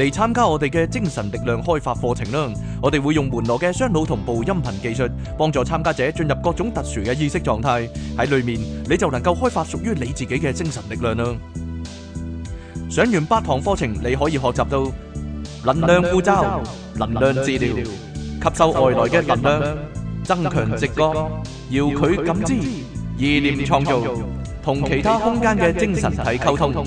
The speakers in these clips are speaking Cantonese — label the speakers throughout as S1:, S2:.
S1: 嚟參加我哋嘅精神力量開發課程啦！我哋會用門羅嘅雙腦同步音頻技術，幫助參加者進入各種特殊嘅意識狀態。喺裡面你就能夠開發屬於你自己嘅精神力量啦！上完八堂課程，你可以學習到能量呼召、能量治療、吸收外來嘅能量、增強直覺、遙距感知、意念創造、同其他空間嘅精神體溝通。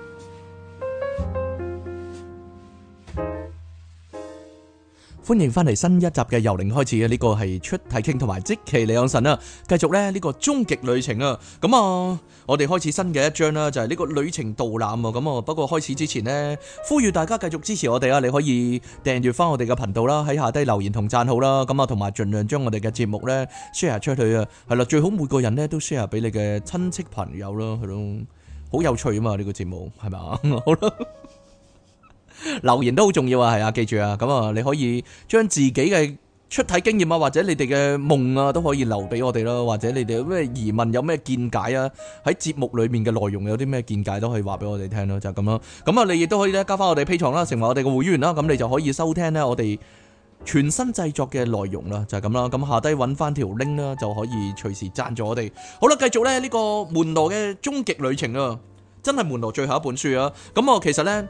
S1: 歡迎翻嚟新一集嘅由零開始啊！呢、這個係出題傾同埋即期李養神啦，繼續咧呢個終極旅程啊！咁啊，我哋開始新嘅一章啦，就係、是、呢個旅程導覽啊！咁啊，不過開始之前呢，呼籲大家繼續支持我哋啊！你可以訂閱翻我哋嘅頻道啦，喺下低留言同讚好啦！咁啊，同埋盡量將我哋嘅節目咧 share 出去啊！係啦，最好每個人咧都 share 俾你嘅親戚朋友咯，係咯，好有趣啊嘛！呢、這個節目係咪，好啦。 留言都好重要啊，係啊，記住啊，咁啊，你可以將自己嘅出體經驗啊，或者你哋嘅夢啊，都可以留俾我哋咯，或者你哋咩疑問，有咩見解啊，喺節目裏面嘅內容有啲咩見解都可以話俾我哋聽咯，就係咁咯。咁啊，你亦都可以咧加翻我哋 P 床啦，成為我哋嘅會員啦，咁你就可以收聽呢，我哋全新製作嘅內容啦，就係咁啦。咁下低揾翻條 link 啦，就可以隨時贊助我哋。好啦，繼續咧呢、這個門羅嘅終極旅程啊，真係門羅最後一本書啊。咁啊，其實咧。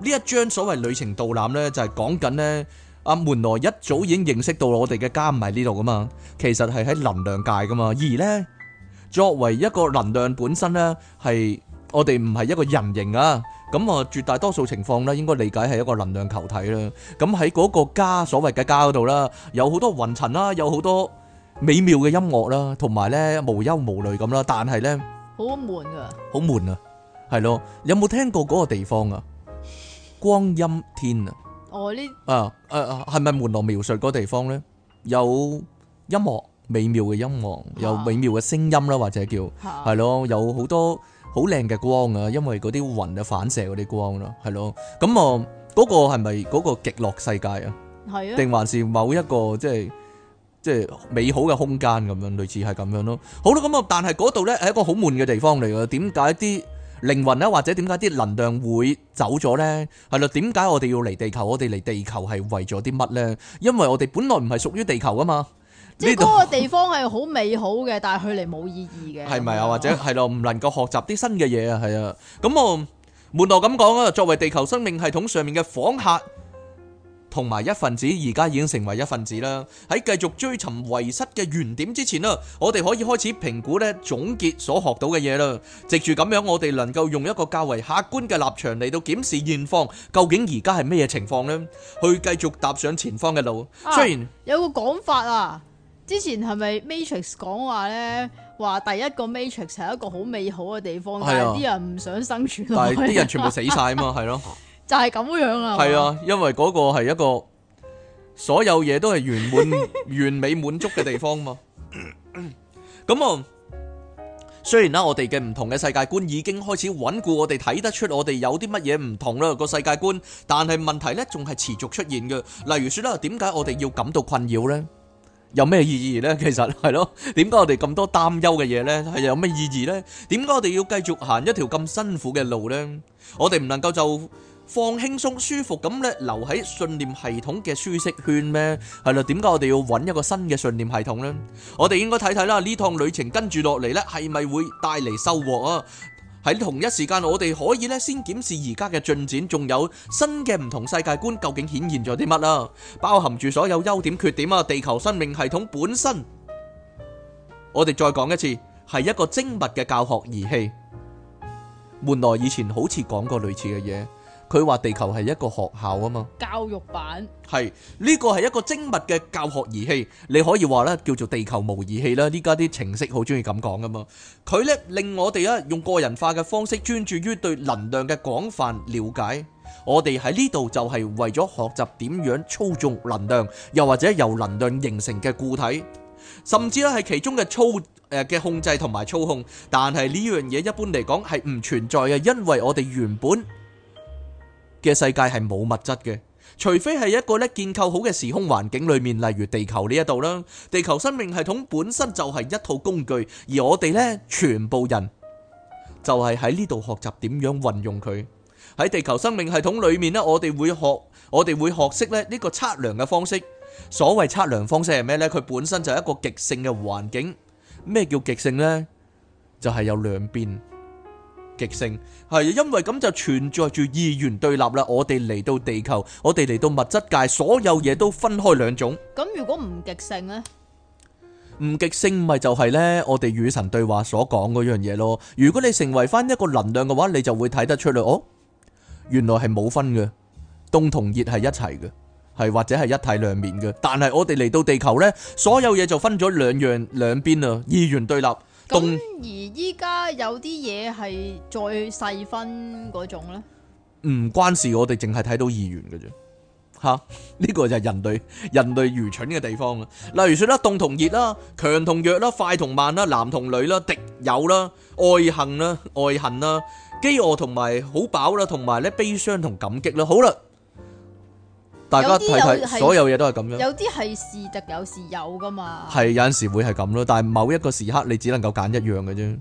S1: 呢一張所謂旅程導覽咧，就係講緊咧阿門羅一早已經認識到我哋嘅家唔係呢度噶嘛，其實係喺能量界噶嘛。而咧作為一個能量本身咧，係我哋唔係一個人形啊，咁啊絕大多數情況咧，應該理解係一個能量球體啦。咁喺嗰個家所謂嘅家嗰度啦，有好多雲塵啦，有好多美妙嘅音樂啦，同埋咧無憂無慮咁啦。但係咧，
S2: 好悶啊，
S1: 好悶啊，係咯，有冇聽過嗰個地方啊？光音天啊！哦，呢啊誒，係咪門羅描述嗰地方咧？有音樂美妙嘅音樂，有美妙嘅聲音啦，或者叫係咯，有好多好靚嘅光啊！因為嗰啲雲啊反射嗰啲光咯，係咯。咁啊，嗰個係咪嗰個極樂世界啊？係啊，定還是某一個即係即係美好嘅空間咁樣，類似係咁樣咯。好啦，咁啊，但係嗰度咧係一個好悶嘅地方嚟嘅。點解啲？靈魂咧，或者點解啲能量會走咗咧？係啦，點解我哋要嚟地球？我哋嚟地球係為咗啲乜咧？因為我哋本來唔係屬於地球噶嘛，即係嗰個地
S2: 方係好美好嘅，但係去嚟冇意義嘅，係
S1: 咪啊？或者係咯，唔能夠學習啲新嘅嘢啊，係啊，咁門羅咁講啦。作為地球生命系統上面嘅訪客。同埋一份子，而家已經成為一份子啦。喺繼續追尋遺失嘅原點之前啦，我哋可以開始評估咧，總結所學到嘅嘢啦。藉住咁樣，我哋能夠用一個較為客觀嘅立場嚟到檢視現況，究竟而家係咩嘢情況呢？去繼續踏上前方嘅路。啊、雖然
S2: 有個講法啊，之前係咪 Matrix 講話呢？話第一個 Matrix 係一個好美好嘅地方，啊、但係啲人唔想生存，但係啲人全部死
S1: 晒嘛，係咯、 啊。
S2: 就係咁樣啊！係啊，
S1: 因為嗰個係一個所有嘢都係圓滿、完美滿足嘅地方嘛。咁啊，雖然啦，我哋嘅唔同嘅世界觀已經開始穩固，我哋睇得出我哋有啲乜嘢唔同啦個世界觀。但係問題呢，仲係持續出現嘅。例如說啦，點解我哋要感到困擾呢？有咩意義呢？其實係咯，點解我哋咁多擔憂嘅嘢呢？係有咩意義呢？點解我哋要繼續行一條咁辛苦嘅路呢？我哋唔能夠就。放輕鬆、舒服咁咧，留喺信念系統嘅舒適圈咩？係啦，點解我哋要揾一個新嘅信念系統呢？我哋應該睇睇啦，呢趟旅程跟住落嚟呢，係咪會帶嚟收穫啊？喺同一時間，我哋可以呢先檢視而家嘅進展，仲有新嘅唔同世界觀究竟顯現咗啲乜啦？包含住所有優點、缺點啊，地球生命系統本身，我哋再講一次，係一個精密嘅教學儀器。換來以前好似講過類似嘅嘢。佢話地球係一個學校啊嘛，
S2: 教育版
S1: 係呢個係一個精密嘅教學儀器，你可以話咧叫做地球模擬器啦。依家啲程式好鍾意咁講㗎嘛，佢咧令我哋啊用個人化嘅方式專注於對能量嘅廣泛瞭解。我哋喺呢度就係為咗學習點樣操縱能量，又或者由能量形成嘅固體，甚至咧係其中嘅操誒嘅控制同埋操控。但係呢樣嘢一般嚟講係唔存在嘅，因為我哋原本嘅世界係冇物質嘅，除非係一個咧建構好嘅時空環境裏面，例如地球呢一度啦。地球生命系統本身就係一套工具，而我哋呢全部人就係喺呢度學習點樣運用佢。喺地球生命系統裏面呢，我哋會學，我哋會學識咧呢個測量嘅方式。所謂測量方式係咩呢？佢本身就係一個極性嘅環境。咩叫極性呢？就係有兩邊。極性係，因為咁就存在住二元對立啦。我哋嚟到地球，我哋嚟到物質界，所有嘢都分開兩種。
S2: 咁如果唔極性咧，
S1: 唔極性咪就係咧，我哋與神對話所講嗰樣嘢咯。如果你成為翻一個能量嘅話，你就會睇得出嚟，哦，原來係冇分嘅，凍同熱係一齊嘅，係或者係一體兩面嘅。但係我哋嚟到地球咧，所有嘢就分咗兩樣兩邊啦，二元對立。咁
S2: 而依家有啲嘢係再細分嗰種咧？
S1: 唔關事，我哋淨係睇到二元嘅啫。嚇，呢個就係人類人類愚蠢嘅地方啦。例如説啦，凍同熱啦，強同弱啦，快同慢啦，男同女啦，敵友啦，愛恨啦，愛恨啦，飢餓同埋好飽啦，同埋咧悲傷同感激啦。好啦。.大家睇睇，有有所有嘢都係咁樣。有
S2: 啲係時特，有時有噶嘛。
S1: 係有陣時會係咁咯，但係某一個時刻你只能夠揀一樣嘅啫。嗯。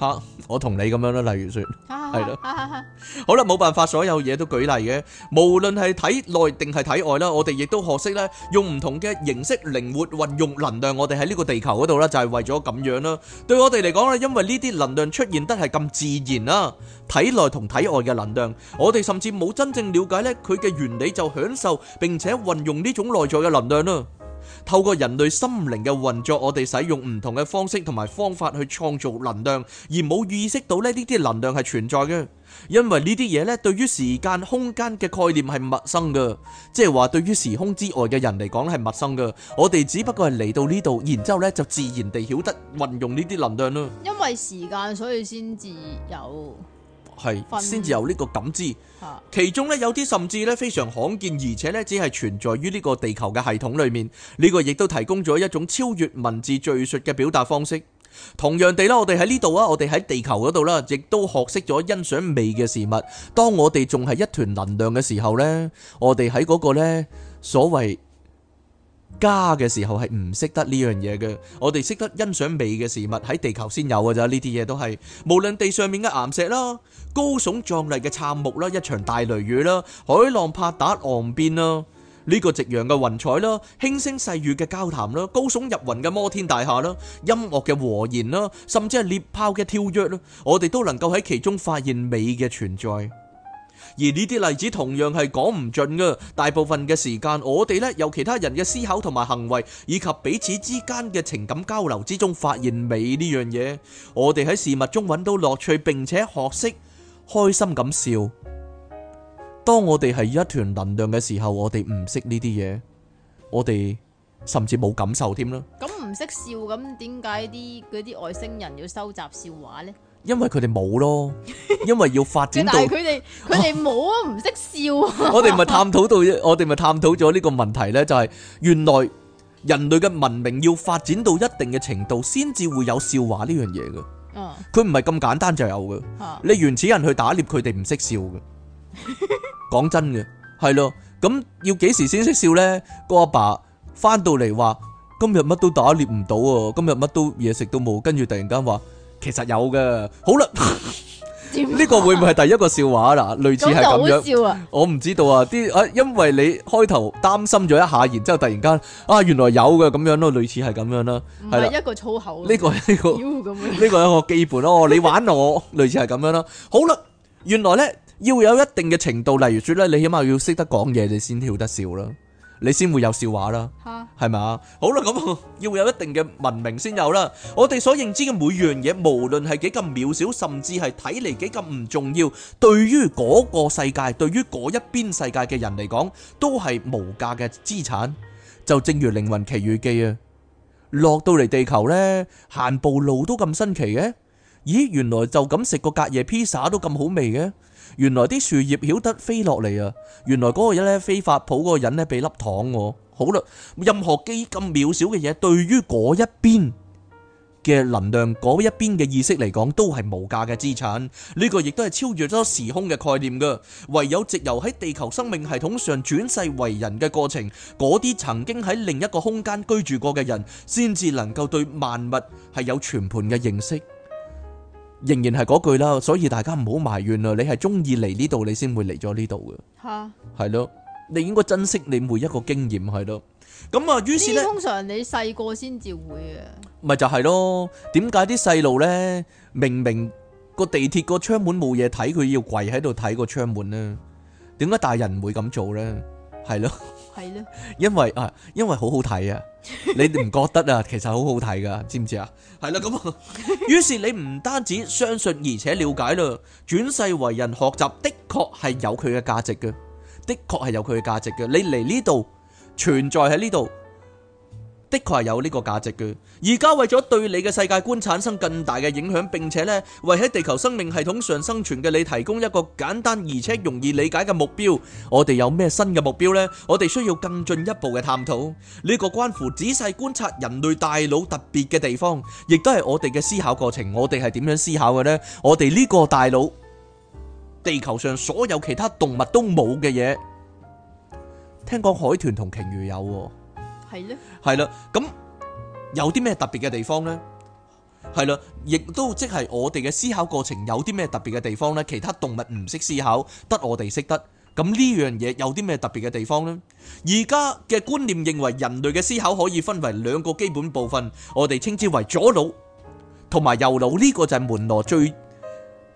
S1: 吓，我同你咁樣啦，例如說，係咯， 好啦，冇辦法，所有嘢都舉例嘅，無論係體內定係體外啦，我哋亦都學識咧用唔同嘅形式靈活運用能量，我哋喺呢個地球嗰度咧就係為咗咁樣啦。對我哋嚟講咧，因為呢啲能量出現得係咁自然啦，體內同體外嘅能量，我哋甚至冇真正了解咧佢嘅原理就享受並且運用呢種內在嘅能量啦。透過人類心靈嘅運作，我哋使用唔同嘅方式同埋方法去創造能量，而冇意識到咧呢啲能量係存在嘅。因為呢啲嘢咧，對於時間空間嘅概念係陌生嘅，即係話對於時空之外嘅人嚟講咧係陌生嘅。我哋只不過係嚟到呢度，然之後咧就自然地曉得運用呢啲能量咯。
S2: 因為時間，所以先至有。
S1: 係先至有呢個感知，其中咧有啲甚至咧非常罕見，而且咧只係存在於呢個地球嘅系統裏面。呢個亦都提供咗一種超越文字敘述嘅表達方式。同樣地啦，我哋喺呢度啊，我哋喺地球嗰度啦，亦都學識咗欣賞美嘅事物。當我哋仲係一團能量嘅時候呢，我哋喺嗰個呢所謂。家嘅時候係唔識得呢樣嘢嘅，我哋識得欣賞美嘅事物喺地球先有，㗎咋。呢啲嘢都係無論地上面嘅岩石啦、高聳壯麗嘅杉木啦、一場大雷雨啦、海浪拍打岸邊啦、呢個夕陽嘅雲彩啦、輕聲細語嘅交談啦、高聳入雲嘅摩天大廈啦、音樂嘅和弦啦，甚至係獵豹嘅跳躍啦，我哋都能夠喺其中發現美嘅存在。而呢啲例子同樣係講唔盡㗎。大部分嘅時間，我哋呢，由其他人嘅思考同埋行為，以及彼此之間嘅情感交流之中，發現美呢樣嘢。我哋喺事物中揾到樂趣，並且學識開心咁笑。當我哋係一團能量嘅時候，我哋唔識呢啲嘢，我哋甚至冇感受添啦。
S2: 咁唔識笑，咁點解啲嗰啲外星人要收集笑話呢？
S1: 因為佢哋冇咯，因為要發展到但
S2: 係佢哋佢哋冇啊，唔識笑。我哋咪
S1: 探討到，我哋咪探討咗呢個問題咧，就係原來人類嘅文明要發展到一定嘅程度，先至會有笑話呢樣嘢嘅。嗯，佢唔係咁簡單就有嘅。你原始人去打獵，佢哋唔識笑嘅。講真嘅，係咯。咁要幾時先識笑咧？個阿爸返到嚟話：今日乜都打獵唔到啊！今日乜都嘢食都冇。跟住突然間話。其實有嘅，好啦，
S2: 呢、啊、 個會唔會係
S1: 第一個笑話啦？類似係咁樣，樣笑啊、我唔知道啊。啲啊，因為你開頭擔心咗一下，然之後突然間啊，原來有嘅咁樣咯，類似係咁樣啦。唔係一
S2: 個粗口，呢個
S1: 呢個，呢個係一個基本咯。你玩我， 類似係咁樣咯。好啦，原來咧要有一定嘅程度，例如說咧，你起碼要識得講嘢，你先跳得笑啦。你先會有笑話啦，係咪哈？好啦，咁、嗯、要有一定嘅文明先有啦。我哋所認知嘅每樣嘢，無論係幾咁渺小，甚至係睇嚟幾咁唔重要，對於嗰個世界，對於嗰一邊世界嘅人嚟講，都係無價嘅資產。就正如《靈魂奇遇記》啊，落到嚟地球呢，行步路都咁新奇嘅，啊，咦？原來就咁食個隔夜披薩都咁好味嘅，啊。原來啲樹葉曉得飛落嚟啊！原來嗰個人咧，非法抱嗰個人咧，被粒糖我好啦。任何幾咁渺小嘅嘢，對於嗰一邊嘅能量，嗰一邊嘅意識嚟講，都係無價嘅資產。呢個亦都係超越咗時空嘅概念噶。唯有藉由喺地球生命系統上轉世為人嘅過程，嗰啲曾經喺另一個空間居住過嘅人，先至能夠對萬物係有全盤嘅認識。仍然係嗰句啦，所以大家唔好埋怨啦。你係中意嚟呢度，你先會嚟咗呢度嘅。
S2: 吓，
S1: 係咯，你應該珍惜你每一個經驗係咯。
S2: 咁啊，於是咧，通常你細個先至會啊。
S1: 咪就係咯，點解啲細路咧，明明個地鐵個窗門冇嘢睇，佢要跪喺度睇個窗門咧？點解大人唔會咁做咧？係咯，係咯，因為啊，因為好好睇啊。 你唔覺得啊？其實好好睇噶，知唔知啊？係啦，咁。於是你唔單止相信，而且了解啦。轉世為人學習的確係有佢嘅價值嘅，的確係有佢嘅價值嘅。你嚟呢度，存在喺呢度。的確係有呢個價值嘅。而家為咗對你嘅世界觀產生更大嘅影響，並且呢，為喺地球生命系統上生存嘅你提供一個簡單而且容易理解嘅目標，我哋有咩新嘅目標呢？我哋需要更進一步嘅探討。呢個關乎仔細觀察人類大腦特別嘅地方，亦都係我哋嘅思考過程。我哋係點樣思考嘅呢？我哋呢個大腦，地球上所有其他動物都冇嘅嘢，聽講海豚同鯨魚有喎。係咧，係啦，咁有啲咩特別嘅地方呢？係啦，亦都即係我哋嘅思考過程有啲咩特別嘅地方呢？其他動物唔識思考，得我哋識得。咁呢樣嘢有啲咩特別嘅地方呢？而家嘅觀念認為人類嘅思考可以分為兩個基本部分，我哋稱之為左腦同埋右腦。呢個就係門羅最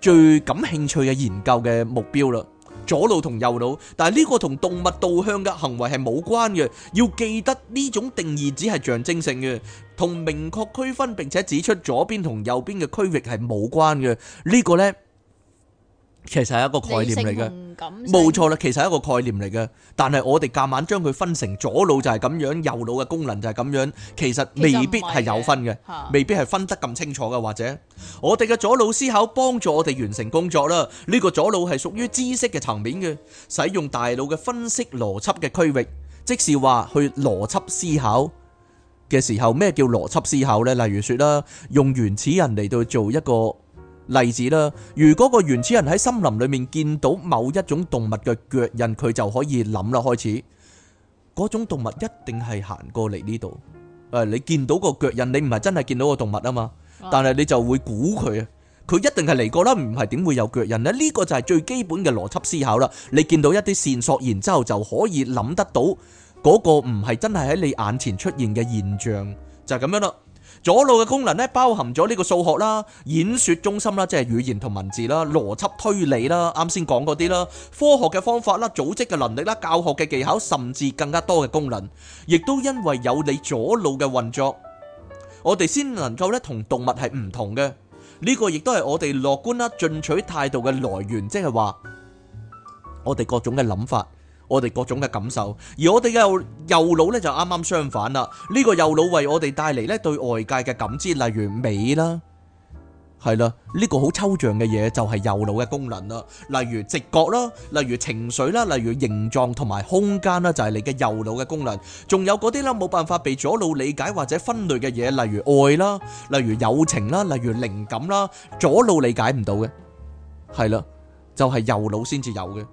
S1: 最感興趣嘅研究嘅目標啦。左腦同右腦，但係呢個同動物導向嘅行為係冇關嘅。要記得呢種定義只係象徵性嘅，同明確區分並且指出左邊同右邊嘅區域係冇關嘅。呢、呢個呢。其實係一個概念嚟嘅，
S2: 冇錯
S1: 啦。其實係一個概念嚟嘅，但係我哋夾硬將佢分成左腦就係咁樣，右腦嘅功能就係咁樣。其實未必係有分嘅，未必係分得咁清楚嘅。或者我哋嘅左腦思考幫助我哋完成工作啦。呢個左腦係屬於知識嘅層面嘅，使用大腦嘅分析邏輯嘅區域，即是話去邏輯思考嘅時候，咩叫邏輯思考呢？例如說啦，用原始人嚟到做一個。例子啦，如果個原始人喺森林裏面見到某一種動物嘅腳印，佢就可以諗啦，開始嗰種動物一定係行過嚟呢度。誒，你見到個腳印，你唔係真係見到個動物啊嘛，但係你就會估佢，佢一定係嚟過啦，唔係點會有腳印呢？呢個就係最基本嘅邏輯思考啦。你見到一啲綫索，然之後就可以諗得到嗰個唔係真係喺你眼前出現嘅現象，就係咁樣咯。左腦嘅功能咧，包含咗呢個數學啦、演說中心啦，即係語言同文字啦、邏輯推理啦、啱先講嗰啲啦、科學嘅方法啦、組織嘅能力啦、教學嘅技巧，甚至更加多嘅功能，亦都因為有你左腦嘅運作，我哋先能夠咧同動物係唔同嘅。呢個亦都係我哋樂觀啦、進取態度嘅來源，即係話我哋各種嘅諗法。我哋各種嘅感受，而我哋嘅右腦咧就啱啱相反啦。呢個右腦為我哋帶嚟咧對外界嘅感知，例如美啦，係啦，呢個好抽象嘅嘢就係右腦嘅功能啦，例如直覺啦，例如情緒啦，例如形狀同埋空間啦，就係你嘅右腦嘅功能。仲有嗰啲啦，冇辦法被左腦理解或者分類嘅嘢，例如愛啦，例如友情啦，例如靈感啦，左腦理解唔到嘅，係啦，就係右腦先至有嘅。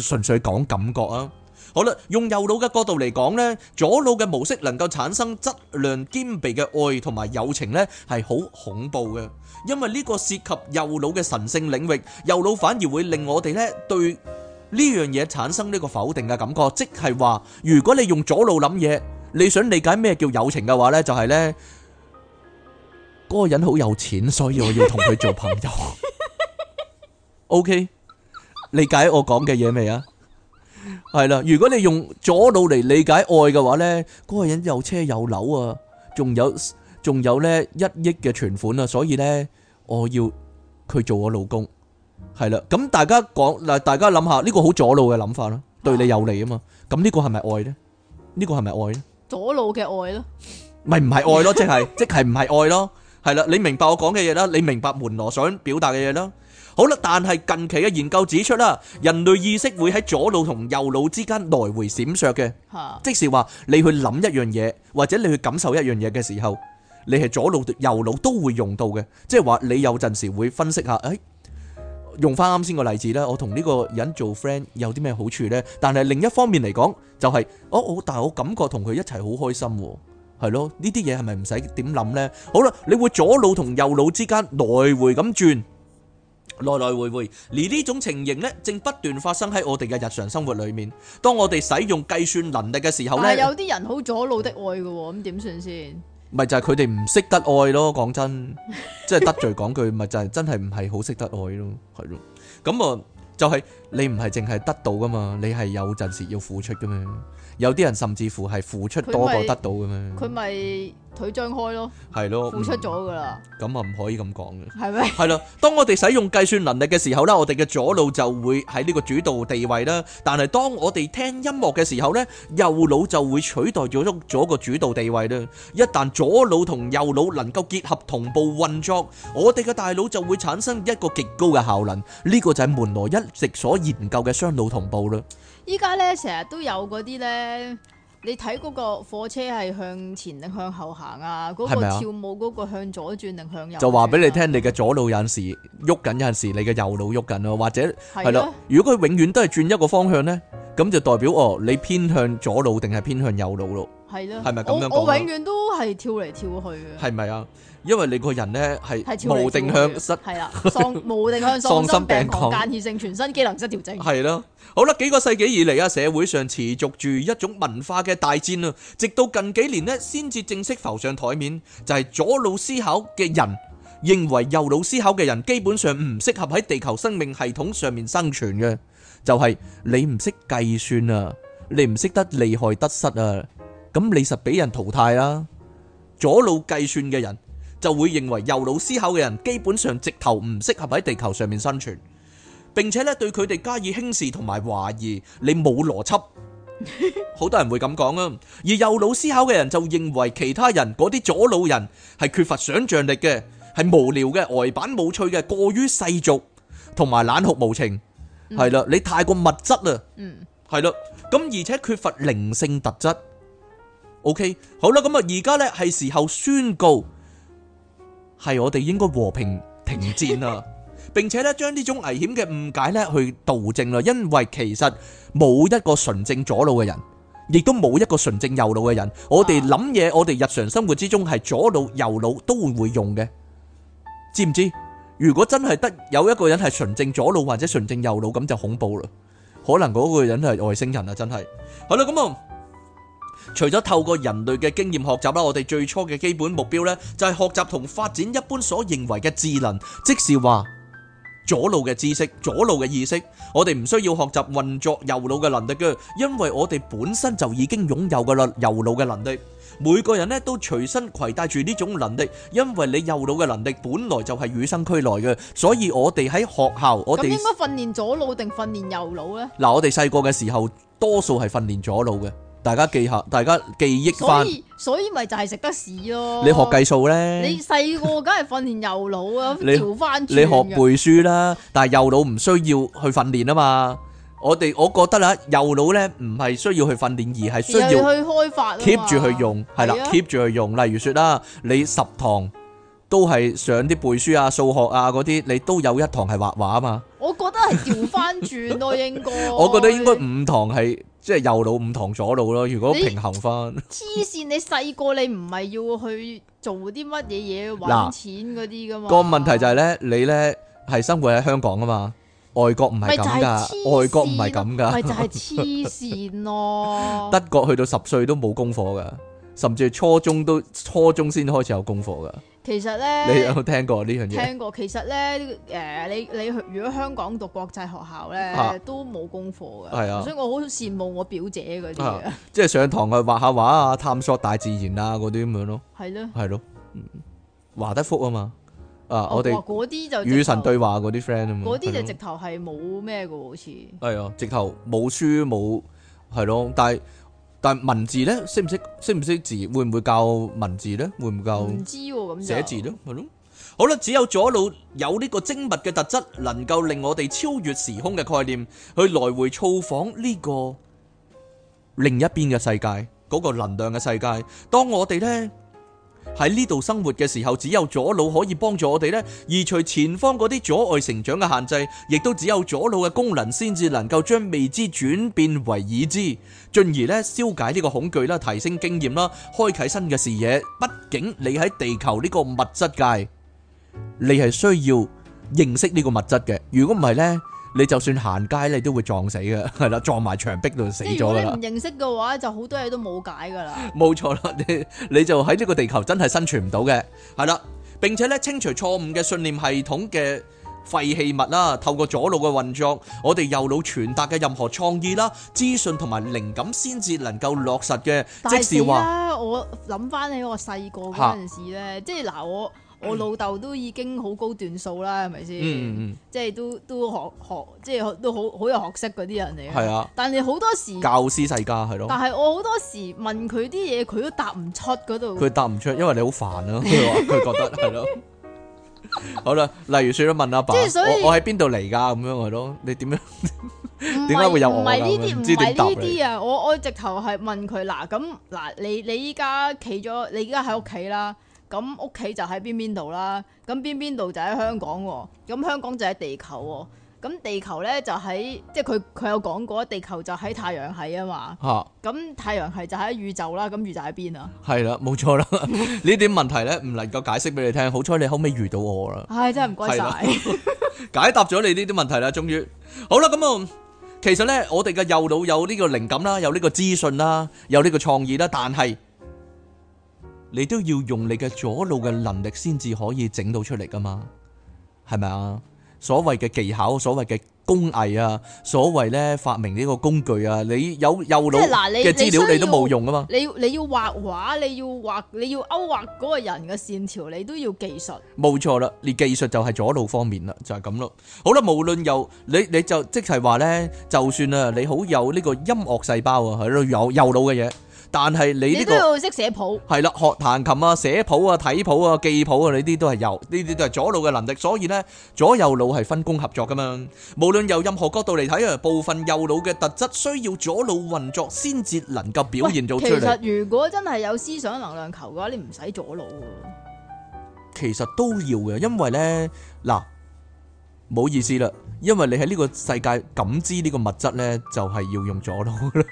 S1: 純粹講感覺啊，好啦，用右腦嘅角度嚟講咧，左腦嘅模式能夠產生質量兼備嘅愛同埋友情咧，係好恐怖嘅，因為呢個涉及右腦嘅神聖領域，右腦反而會令我哋咧對呢樣嘢產生呢個否定嘅感覺，即係話，如果你用左腦諗嘢，你想理解咩叫友情嘅話咧，就係咧嗰個人好有錢，所以我要同佢做朋友。OK。理解我講嘅嘢未啊？係啦，如果你用左腦嚟理解愛嘅話呢，嗰個人有車有樓啊，仲有仲有呢一億嘅存款啊，所以呢我要佢做我老公。係啦，咁大家講嗱，大家諗下呢個好左腦嘅諗法啦，對你有利啊嘛，咁呢個係咪愛呢？呢個係咪愛呢？
S2: 左腦嘅愛咯，
S1: 咪唔係愛咯？即係即係唔係愛咯？係啦，你明白我講嘅嘢啦，你明白門羅想表達嘅嘢啦。好啦，但係近期嘅研究指出啦，人類意識會喺左腦同右腦之間來回閃爍嘅，即係話你去諗一樣嘢或者你去感受一樣嘢嘅時候，你係左腦、右腦都會用到嘅，即係話你有陣時會分析下，誒，用翻啱先個例子咧，我同呢個人做 friend 有啲咩好處呢？但係另一方面嚟講，就係哦，我我，但係我感覺同佢一齊好開心，係咯？呢啲嘢係咪唔使點諗呢？好啦，你會左腦同右腦之間來回咁轉。來來回回，而呢種情形呢，正不斷發生喺我哋嘅日常生活裏面。當我哋使用計算能力嘅時候的的、嗯、呢，有
S2: 啲人好阻路的愛嘅，咁點算先？
S1: 咪就係佢哋唔識得愛咯，講真，即係 得罪講句，咪就係、是、真係唔係好識得愛咯，係咯。咁、嗯、啊，就係、是、你唔係淨係得到噶嘛，你係有陣時要付出噶嘛。有啲人甚至乎係付出多過得到嘅咩？佢
S2: 咪腿張開咯？
S1: 係咯？付出咗噶啦。咁啊唔可以咁講嘅。係咩？係啦。當我哋使用計算能力嘅時候呢，我哋嘅左腦就會喺呢個主導地位啦。但係當我哋聽音樂嘅時候呢，右腦就會取代咗咗個主導地位啦。一旦左腦同右腦能夠結合同步運作，我哋嘅大腦就會產生一個極高嘅效能。呢個就係門羅一直所研究嘅雙腦同步啦。
S2: 依家咧成日都有嗰啲咧，你睇嗰個火車係向前定向後行啊？嗰個跳舞嗰個向左轉定向右轉
S1: 啊？就話俾你聽，你嘅左腦有陣時喐緊，有陣時你嘅右腦喐緊咯，或者係咯啊。如果佢永遠都係轉一個方向咧，咁就代表哦，你偏向左腦定係偏向右腦咯。
S2: 係咯，係咪咁樣講？我我永遠都係跳嚟跳去嘅。
S1: 係咪啊？因為你個人呢係無定向失係啦，喪
S2: 無定向喪心病狂間歇性全身機能失調症係
S1: 咯。好啦，幾個世紀以嚟啊，社會上持續住一種文化嘅大戰啊，直到近幾年呢先至正式浮上台面，就係左腦思考嘅人認為右腦思考嘅人基本上唔適合喺地球生命系統上面生存嘅，就係你唔識計算啊，你唔識得利害得失啊。咁你實俾人淘汰啦！左腦計算嘅人就會認為右腦思考嘅人基本上直頭唔適合喺地球上面生存，並且咧對佢哋加以輕視同埋懷疑。你冇邏輯，好多人會咁講啊！而右腦思考嘅人就認為其他人嗰啲左腦人係缺乏想象力嘅，係無聊嘅、呆板、冇趣嘅、過於世俗同埋冷酷無情。係啦，你太過物質啦，係啦，咁而且缺乏靈性特質。OK，好啦，咁啊，而家呢係時候宣告，係我哋應該和平停戰啦，並且呢將呢種危險嘅誤解呢去導正啦。因為其實冇一個純正左腦嘅人，亦都冇一個純正右腦嘅人。我哋諗嘢，我哋日常生活之中係左腦右腦都會會用嘅，知唔知？如果真係得有一個人係純正左腦或者純正右腦，咁就恐怖啦。可能嗰個人係外星人啊，真係。好啦，咁啊。除咗透過人類嘅經驗學習啦，我哋最初嘅基本目標呢，就係學習同發展一般所認為嘅智能，即是話左腦嘅知識、左腦嘅意識。我哋唔需要學習運作右腦嘅能力嘅，因為我哋本身就已經擁有嘅啦右腦嘅能力。每個人呢，都隨身攜帶住呢種能力，因為你右腦嘅能力本來就係與生俱來嘅，所以我哋喺學校，應該訓練我哋應該
S2: 訓練左腦定訓練右腦呢？
S1: 嗱，我哋細個嘅時候，多數係訓練左腦嘅。大家記下，大家記憶翻。
S2: 所以所以咪就係食得屎咯。你學計數咧？你細個梗係訓練右腦啊，調翻轉。你學背
S1: 書啦，但係右腦唔需要去訓練啊嘛。我哋我覺得啦，右腦咧唔係需要去訓練，而係需要去
S2: 開發。keep 住去
S1: 用，係啦，keep 住去用。例如說啦，你十堂都係上啲背書啊、數學啊嗰啲，你都有一堂係畫畫啊嘛。
S2: 我覺得係調翻轉咯，應該。我覺得應該
S1: 五堂係。即係右腦唔同左腦咯，如果平衡返。
S2: 黐線你， 你細個你唔係要去做啲乜嘢嘢搵錢嗰啲㗎嘛？個
S1: 問題就係、是、咧，你咧係生活喺香港啊嘛，外國唔係咁㗎，是是外國唔係咁㗎，咪就係黐
S2: 線咯。 德
S1: 國去到十歲都冇功課㗎。甚至係初中都初中先開始有功課噶。
S2: 其實咧，你有冇
S1: 聽過呢樣嘢？聽過。
S2: 其實咧，誒、呃，你你如果香港讀國際學校咧，啊、都冇功課嘅。係啊，所以我好羨慕我表姐嗰啲、啊、
S1: 即係上堂去畫下畫啊，探索大自然啊嗰啲咁樣咯。係咯、啊，係咯、啊嗯，華德福啊嘛。啊，我哋嗰
S2: 啲就與神對
S1: 話嗰啲 friend 啊嘛。嗰啲就直
S2: 頭係冇咩嘅，好似。
S1: 係啊，嗯、直頭冇書冇，係咯、啊啊嗯，但係。但文字咧，識唔識？識唔識字？會唔會教文字咧？會唔夠？唔知
S2: 喎，咁寫字
S1: 咯，咪咯。好啦，只有左腦有呢個精密嘅特質，能夠令我哋超越時空嘅概念，去來回造訪呢個另一邊嘅世界，嗰個能量嘅世界。當我哋咧，喺呢度生活嘅時候，只有左腦可以幫助我哋呢，移除前方嗰啲阻礙成長嘅限制，亦都只有左腦嘅功能先至能夠將未知轉變為已知，進而呢消解呢個恐懼啦，提升經驗啦，開啟新嘅視野。畢竟你喺地球呢個物質界，你係需要認識呢個物質嘅。如果唔係呢，你就算行街，你都會撞死噶係啦，撞埋牆壁度死咗噶啦。即係你唔
S2: 認識嘅話，就好多嘢都冇解噶啦。
S1: 冇錯啦，你你就喺呢個地球真係生存唔到嘅，係啦。並且咧，清除錯誤嘅信念系統嘅廢棄物啦，透過左腦嘅運作，我哋右腦傳達嘅任何創意啦、嗯、資訊同埋靈感，先至能夠落實嘅。但，即係話、啊，
S2: 我諗翻起我細個嗰陣時咧，啊、即係嗱我。我老豆都已經好高段數啦，係咪先？即係都都學學，即係都好好有學識嗰啲人嚟嘅。係啊，但係好多時教
S1: 師世家係咯。但係
S2: 我好多時問佢啲嘢，佢都答唔出嗰度。佢
S1: 答唔出，因為你好煩啊，佢 覺得係咯。 好啦，例如算咗問阿爸，爸，即係所以我，我喺邊度嚟㗎？咁樣係咯，你點樣？
S2: 點 解會有？唔係呢啲，唔係呢啲啊！我我直頭係問佢嗱，咁嗱，你你依家企咗，你依家喺屋企啦。咁屋企就喺邊邊度啦，咁邊邊度就喺香港喎，咁香港就喺地球喎，咁地球咧就喺，即係佢佢有講過，地球就喺太陽系啊嘛，吓，咁太陽系就喺宇宙啦，咁宇宙喺邊啊？
S1: 係啦，冇錯啦，呢啲問題咧唔能夠解釋俾你聽，好彩你後尾遇到我啦，
S2: 唉真係唔該晒，
S1: 解答咗你呢啲問題啦，終於，好啦，咁啊，其實咧我哋嘅右腦有呢個靈感啦，有呢個資訊啦，有呢個創意啦，但係。你都要用你嘅左腦嘅能力先至可以整到出嚟噶嘛，係咪啊？所謂嘅技巧，所謂嘅工藝啊，所謂呢發明呢個工具啊，你有右腦嘅資料你都冇用噶嘛。你
S2: 你要畫畫，你要畫你要勾畫嗰個人嘅線條，你都要技術。
S1: 冇錯啦，你技術就係左腦方面啦，就係咁咯。好啦，無論又你你就即係話呢，就算啊，你好有呢個音樂細胞啊，係都有右腦嘅嘢。但係你呢個都要識寫譜係啦，學彈琴啊、寫譜啊、睇譜啊、記譜啊，呢啲都係右呢啲都係左腦嘅能力，所以咧，左右腦係分工合作噶嘛。無論由任何角度嚟睇啊，部分右腦嘅特質需要左腦運作先至能夠表現到出嚟。其實如
S2: 果真係有思想能量球嘅話，你唔使左腦喎。
S1: 其實都要嘅，因為咧嗱，唔好意思啦，因為你喺呢個世界感知呢個物質咧，就係要用左腦啦。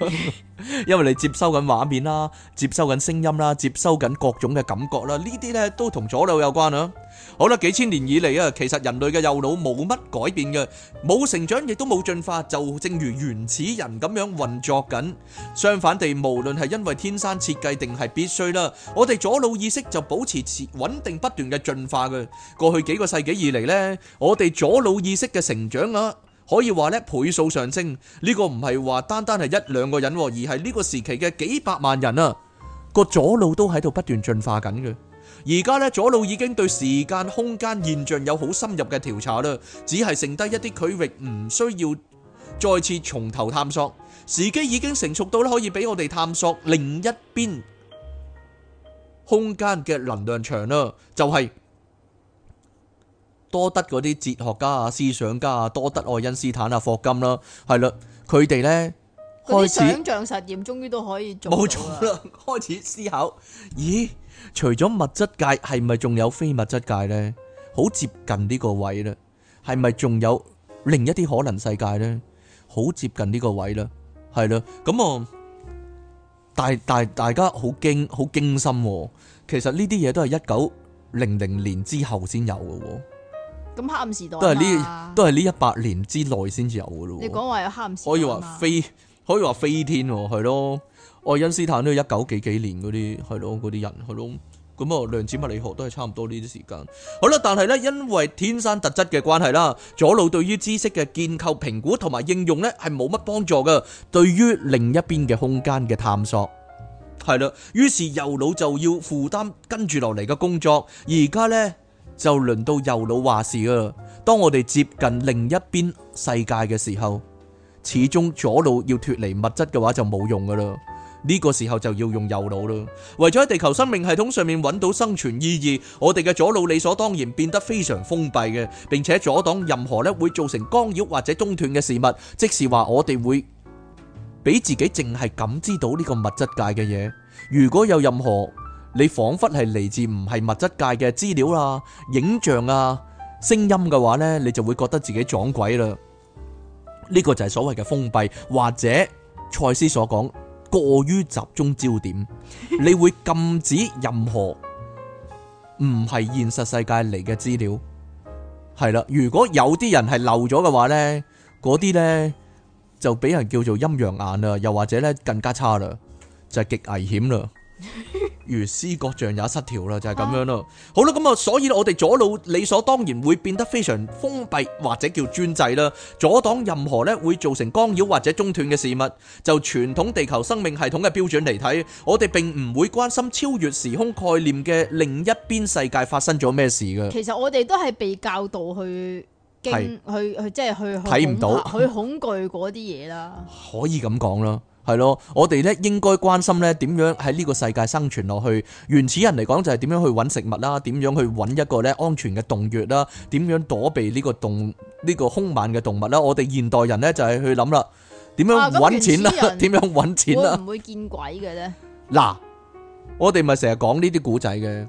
S1: 因為你接收緊畫面啦，接收緊聲音啦，接收緊各種嘅感覺啦，呢啲呢都同左腦有關啊。好啦，幾千年以嚟啊，其實人類嘅右腦冇乜改變嘅，冇成長亦都冇進化，就正如原始人咁樣運作緊。相反地，無論係因為天生設計定係必須啦，我哋左腦意識就保持持穩定不斷嘅進化嘅。過去幾個世紀以嚟呢，我哋左腦意識嘅成長啊。可以話咧，倍數上升，呢個唔係話單單係一兩個人，而係呢個時期嘅幾百萬人啊！個左腦都喺度不斷進化緊嘅，而家咧，左腦已經對時間、空間現象有好深入嘅調查啦，只係剩低一啲區域唔需要再次從頭探索，時機已經成熟到啦，可以俾我哋探索另一邊空間嘅能量場啦，就係。多得嗰啲哲學家啊、思想家啊，多得愛因斯坦啊、霍金啦，係啦，佢哋呢，嗰啲想
S2: 象實驗，終於都可以做冇錯啦。開始思考，
S1: 咦？除咗物質界，係咪仲有非物質界呢？好接近呢個位啦，係咪仲有另一啲可能世界呢？好接近呢個位啦，係啦。咁啊，但係但大家好驚好驚心哦，其實呢啲嘢都係一九零零年之後先有嘅哦。咁黑暗時代啦，都係呢，都係呢一百年之內先至有噶咯。你講話
S2: 有黑暗時代，可以話
S1: 飛，可以話飛天，係咯。愛因斯坦都係一九幾幾年嗰啲，係咯，嗰啲人，係咯。咁啊，量子物理學都係差唔多呢啲時間。好啦，但係咧，因為天生特質嘅關係啦，左腦對於知識嘅建構、評估同埋應用咧，係冇乜幫助噶。對於另一邊嘅空間嘅探索，係啦。於是右腦就要負擔跟住落嚟嘅工作。而家咧。就輪到右腦話事啊。當我哋接近另一邊世界嘅時候，始終左腦要脫離物質嘅話就冇用噶啦。呢個時候就要用右腦啦。為咗喺地球生命系統上面搵到生存意義，我哋嘅左腦理所當然變得非常封閉嘅，並且阻擋任何咧會造成干擾或者中斷嘅事物。即是話我哋會俾自己淨係感知到呢個物質界嘅嘢。如果有任何你仿佛係嚟自唔係物質界嘅資料啊、影像啊、聲音嘅話咧，你就會覺得自己撞鬼啦。呢個就係所謂嘅封閉，或者賽斯所講過於集中焦點，你會禁止任何唔係現實世界嚟嘅資料。係啦，如果有啲人係漏咗嘅話咧，嗰啲咧就俾人叫做陰陽眼啦，又或者咧更加差啦，就係極危險啦。如思覺像也失調啦，就係、是、咁樣咯。啊、好啦，咁啊，所以我哋左腦理所當然會變得非常封閉或者叫專制啦，阻擋任何咧會造成干擾或者中斷嘅事物。就傳統地球生命系統嘅標準嚟睇，我哋並唔會關心超越時空概念嘅另一邊世界發生咗咩事嘅。其實
S2: 我哋都係被教導去驚、是去即去即係去睇唔到、去恐懼嗰啲嘢啦。
S1: 可以咁講啦。係咯，我哋咧應該關心咧點樣喺呢個世界生存落去。原始人嚟講就係點樣去揾食物啦，點樣去揾一個咧安全嘅洞穴啦，點樣躲避呢個洞呢個凶猛嘅動物啦。我哋現代人呢就係去諗啦，點樣搵錢呀，點樣搵錢呀。我
S2: 唔會見鬼嘅呢。
S1: 嗱，我哋咪成日講呢啲古仔嘅。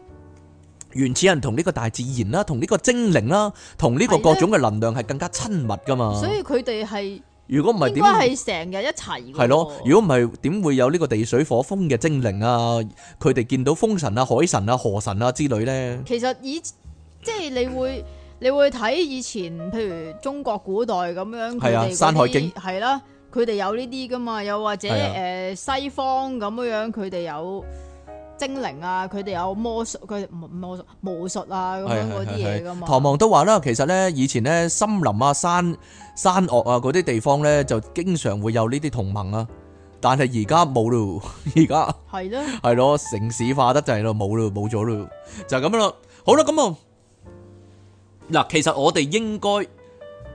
S1: 原始人同呢個大自然啦，同呢個精靈啦，同呢個各種嘅能量係更加親密噶嘛。所以
S2: 佢哋係。
S1: 如果唔係點？應該
S2: 係成日一齊。係
S1: 咯，如果唔係點會有呢個地水火風嘅精靈啊？佢哋見到風神啊、海神啊、河神啊之類咧。
S2: 其實以即係你會你會睇以前譬如中國古代咁樣，係啊《山海經》係啦，佢哋有呢啲噶嘛？又或者誒西方咁樣，佢哋的有。精靈啊，佢哋有魔術，佢魔術、巫術啊，咁樣嗰啲嘢噶嘛。唐望
S1: 都話啦，其實咧以前咧森林啊、山山嶽啊嗰啲地方咧，就經常會有呢啲同盟啊，但係而家冇咯，而家係咧，係咯，城市化得滯咯，冇咯，冇咗咯，就係咁咯。好啦，咁啊，嗱，其實我哋應該。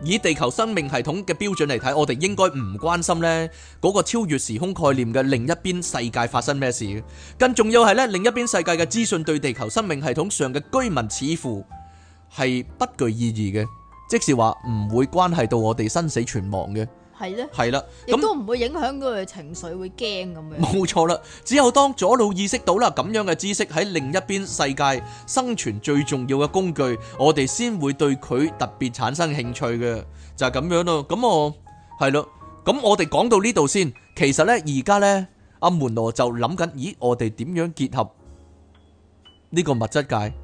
S1: 以地球生命系統嘅標準嚟睇，我哋應該唔關心呢嗰個超越時空概念嘅另一邊世界發生咩事。更重要係呢，另一邊世界嘅資訊對地球生命系統上嘅居民似乎係不具意義嘅，即是話唔會關係到我哋生死存亡嘅。係咧，
S2: 係啦，咁都唔會影響佢嘅情緒，會驚咁樣。冇
S1: 錯啦，只有當左腦意識到啦，咁樣嘅知識喺另一邊世界生存最重要嘅工具，我哋先會對佢特別產生興趣嘅，就係咁樣咯。咁我係咯，咁我哋講到呢度先。其實咧，而家咧，阿門羅就諗緊，咦，我哋點樣結合呢個物質界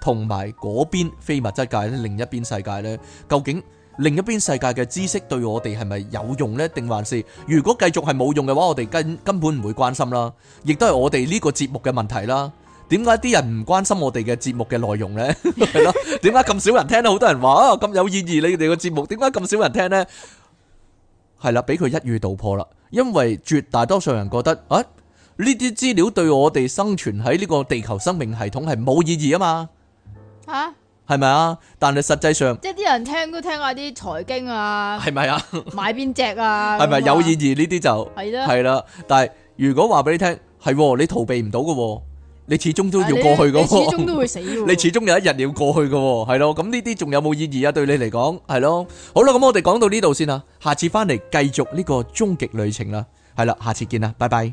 S1: 同埋嗰邊非物質界咧？另一邊世界咧，究竟？另一邊世界嘅知識對我哋係咪有用呢？定還是如果繼續係冇用嘅話，我哋根根本唔會關心啦。亦都係我哋呢個節目嘅問題啦。點解啲人唔關心我哋嘅節目嘅內容呢？係咯？點解咁少人聽呢？好多人話啊，咁有意義你哋嘅節目，點解咁少人聽呢？係啦，俾佢一語道破啦。因為絕大多數人覺得啊，呢啲資料對我哋生存喺呢個地球生命系統係冇意義啊嘛。吓？係咪啊？但係實際上
S2: 即係啲人聽都聽下啲財經啊，係
S1: 咪吧啊？
S2: 買邊隻啊？係咪有
S1: 意義呢啲就係啦，係啦的。但係如果話俾你聽，係你逃避唔到嘅，你始終都要過去嘅，始終都會死。 你始終有一日你要過去嘅，係咯。咁呢啲仲有冇意義啊？對你嚟講係咯。好啦，咁我哋講到呢度先啦。下次翻嚟繼續呢個終極旅程啦。係啦，下次見啦，拜拜。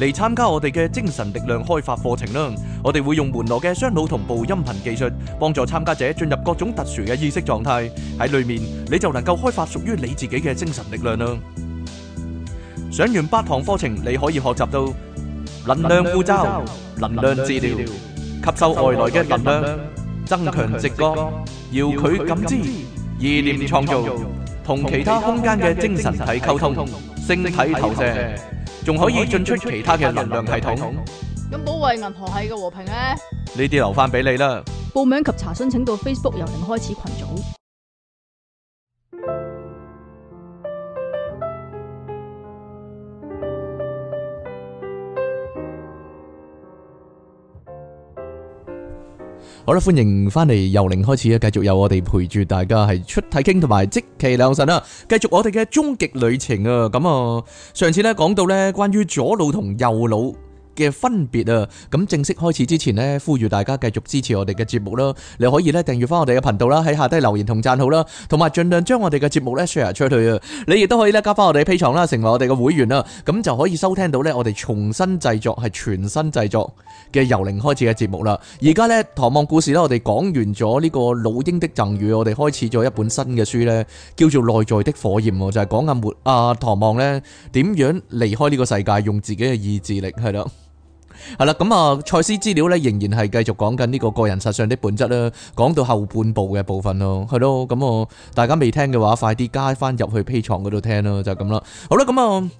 S1: 嚟參加我哋嘅精神力量開發課程啦！我哋會用門羅嘅雙腦同步音頻技術，幫助參加者進入各種特殊嘅意識狀態。喺裏面你就能夠開發屬於你自己嘅精神力量啦！上完八堂課程，你可以學習到能量呼吸、能量治療、吸收外來嘅能量、增強直覺、遙距感知、意念創造、同其他空間嘅精神體溝通、星體投射。仲可以進出其他嘅能量系統。
S2: 咁保衞銀河系嘅和平咧？
S1: 呢啲留翻俾你啦。
S2: 報名及查詢請到 Facebook 由零開始群組。
S1: 好啦，歡迎翻嚟由零開始啊！繼續由我哋陪住大家係出體傾同埋即期兩神啊！繼續我哋嘅終極旅程啊！咁啊，上次咧講到咧關於左腦同右腦嘅分別啊！咁正式開始之前呢，呼籲大家繼續支持我哋嘅節目啦。你可以呢訂閱翻我哋嘅頻道啦，喺下低留言同贊好啦，同埋盡量將我哋嘅節目呢 share 出去啊！你亦都可以呢加翻我哋嘅 Patreon 啦，成為我哋嘅會員啦，咁就可以收聽到呢，我哋重新製作，係全新製作嘅由零開始嘅節目啦。而家呢，唐望故事呢，我哋講完咗呢、呢個老鷹的贈語，我哋開始咗一本新嘅書呢，叫做《內在的火焰》喎，就係、係、講阿沒阿唐望呢點樣離開呢個世界，用自己嘅意志力係咯。係啦，咁啊，蔡司資料咧仍然係繼續講緊呢個個人實相的本質啦，講到後半部嘅部分咯，係咯，咁我大家未聽嘅話，快啲加翻入去 P 床嗰度聽咯，就係咁啦。好啦，咁啊，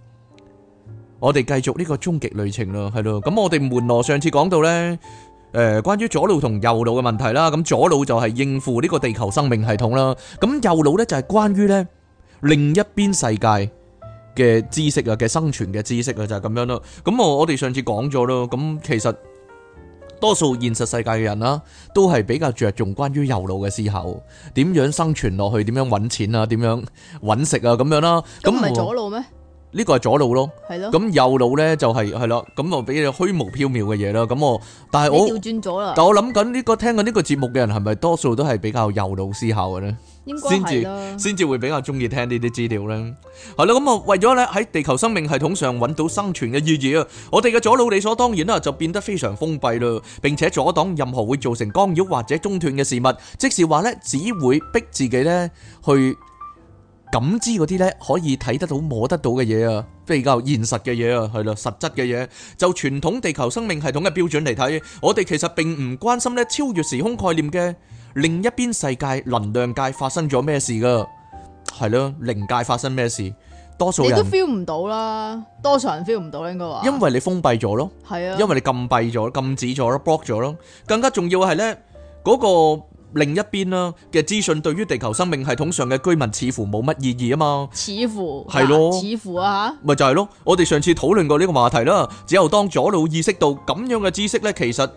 S1: 我哋繼續呢個終極旅程咯，係咯，咁我哋門羅上次講到咧，誒，關於左腦同右腦嘅問題啦，咁左腦就係應付呢個地球生命系統啦，咁右腦咧就係關於咧另一邊世界嘅知識啊，嘅生存嘅知識啊，就係、是、咁樣咯。咁我哋上次講咗咯，咁其實多數現實世界嘅人啦，都係比較着重關於右腦嘅思考，點樣生存落去，點樣揾錢啊，點樣揾食啊，咁樣啦。咁唔係左腦咩？嗯呢個係左腦咯，咁右腦咧就係係咯，咁我俾你虛無縹緲嘅嘢咯，咁我但係我，
S2: 但係我
S1: 諗緊呢個聽緊呢個節目嘅人係咪多數都係比較右腦思考嘅咧？應
S2: 該係啦，先
S1: 至會比較中意聽呢啲資料咧。係咯，咁我為咗咧喺地球生命系統上揾到生存嘅意義啊，我哋嘅左腦理所當然啦，就變得非常封閉啦，並且阻擋任何會造成干擾或者中斷嘅事物，即是話咧，只會逼自己咧去。感知嗰啲呢，可以睇得到、摸得到嘅嘢啊，比較現實嘅嘢啊，係咯，實質嘅嘢。就傳統地球生命系統嘅標準嚟睇，我哋其實並唔關心呢超越時空概念嘅另一邊世界，能量界發生咗咩事噶，係咯，靈界發生咩事？多數人你都 feel
S2: 唔到啦，多數人 feel 唔到應該話。因
S1: 為你封閉咗咯，
S2: 係啊，因為
S1: 你禁閉咗、禁止咗、block 咗咯，更加重要係呢嗰個。另一邊啦嘅資訊對於地球生命系統上嘅居民似乎冇乜意義啊嘛，似
S2: 乎係咯，似乎啊吓，
S1: 咪就係咯。我哋上次討論過呢個話題啦，只有當左腦意識到咁樣嘅知識呢，其實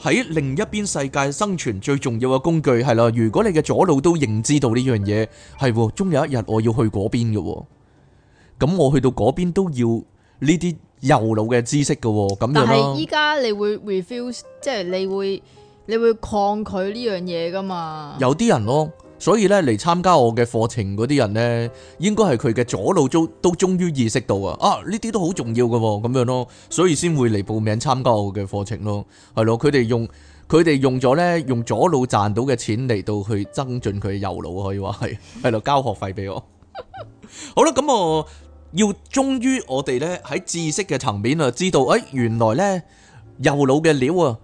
S1: 喺另一邊世界生存最重要嘅工具係啦。如果你嘅左腦都認知到呢樣嘢，係終有一日我要去嗰邊嘅，咁我去到嗰邊都要呢啲右腦嘅知識嘅，咁樣。但係依
S2: 家你會 refuse，即係你會。你會抗拒呢樣嘢噶嘛？
S1: 有啲人咯，所以咧嚟參加我嘅課程嗰啲人呢，應該係佢嘅左腦都都終於意識到
S2: 啊，呢啲都好
S1: 重要噶喎，咁樣咯，所以先會嚟報名參加我嘅課程咯，係咯，佢哋用佢哋用咗呢，用左腦賺到嘅錢嚟到去增進佢嘅右腦，可以話係係咯，交學費俾我。 好啦，咁我要終於我哋呢喺知識嘅層面啊，知道誒，原來呢右腦嘅料啊！